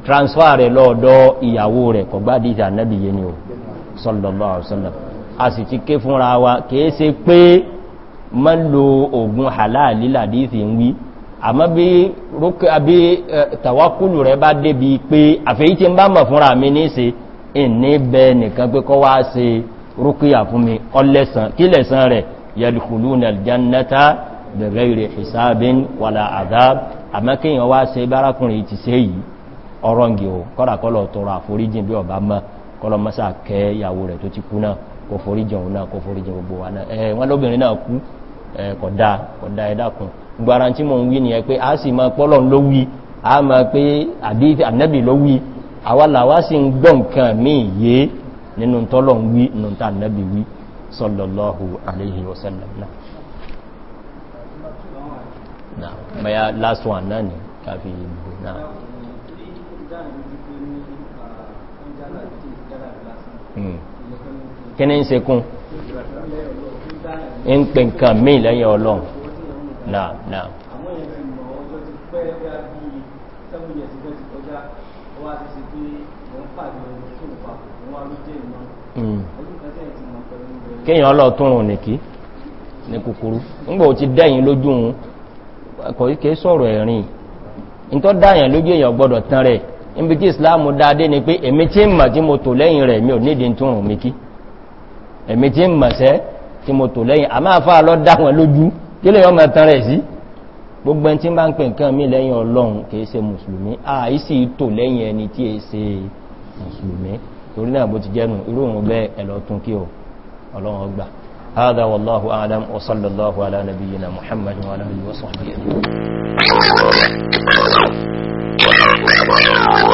transfer rẹ̀ lọ́ọ̀dọ̀ ìyàwó rẹ̀ kò bá dìtà ànábì yé ni o sallallahu alaihi wasallam a sì ti ké fúnra wa kìí ṣe pé mọ́ lo ògùn halali làdíìsì ń wí àmọ́ bí rókè àbí tàwákùlù ìní bẹ nìkan pé kọ́ wá ṣe rókè àfúnmi ọlẹ́sàn kí lẹ̀sàn rẹ̀ yadkhuluna aljannata bẹ̀rẹ̀ ìsàbín wàlà àdáb àmẹ́kíyàn wá se bárakùnrin ti se yìí ọ̀rọ̀ǹgì o kọ́dàkọ́lọ̀ tọrọ àforíjìn bí ọba mọ́ kọ́lọ mọ́sà kẹ́ ìyàwó rẹ̀ tó ti kú náà kò foríjìn òun náà kò foríjìn gbogbo wa náà ẹ̀ wọ́n lóbìnrin náà kú kọ̀dá kọ̀dá ni ẹ pé a sì sallallahu alaihi wasallam náà náà bẹ́yà last one náà ni káfí ìbò náà kí ní ń se kún ń pè nǹkan míì lẹ́yìn ọlọ́run náà náà kéèyàn lọ tún rùn nìkí ní kúkúrú nígbà ò ti dẹ́yìn lójú òun kọ̀ríkẹ́ sọ̀rọ̀ ẹ̀rin in tó dáyàn lójú èyàn gbọ́dọ̀ tán rẹ̀ níbi tí islamu dáadé ni pé èmi tí ń mọ̀ tí mo tò lẹ́yìn rẹ̀ mi ò nídìí tó rùn mi kí èmi tí ń mọ̀ sẹ́ tí mo tò lẹ́yìn a máa fà lọ dáwọn lójú kí lè yọmọ tán rẹ̀ ọlọ́run ọgbà هذا والله أعلم وصلى الله على نبينا محمد وعلى آله وصحبه أجمعين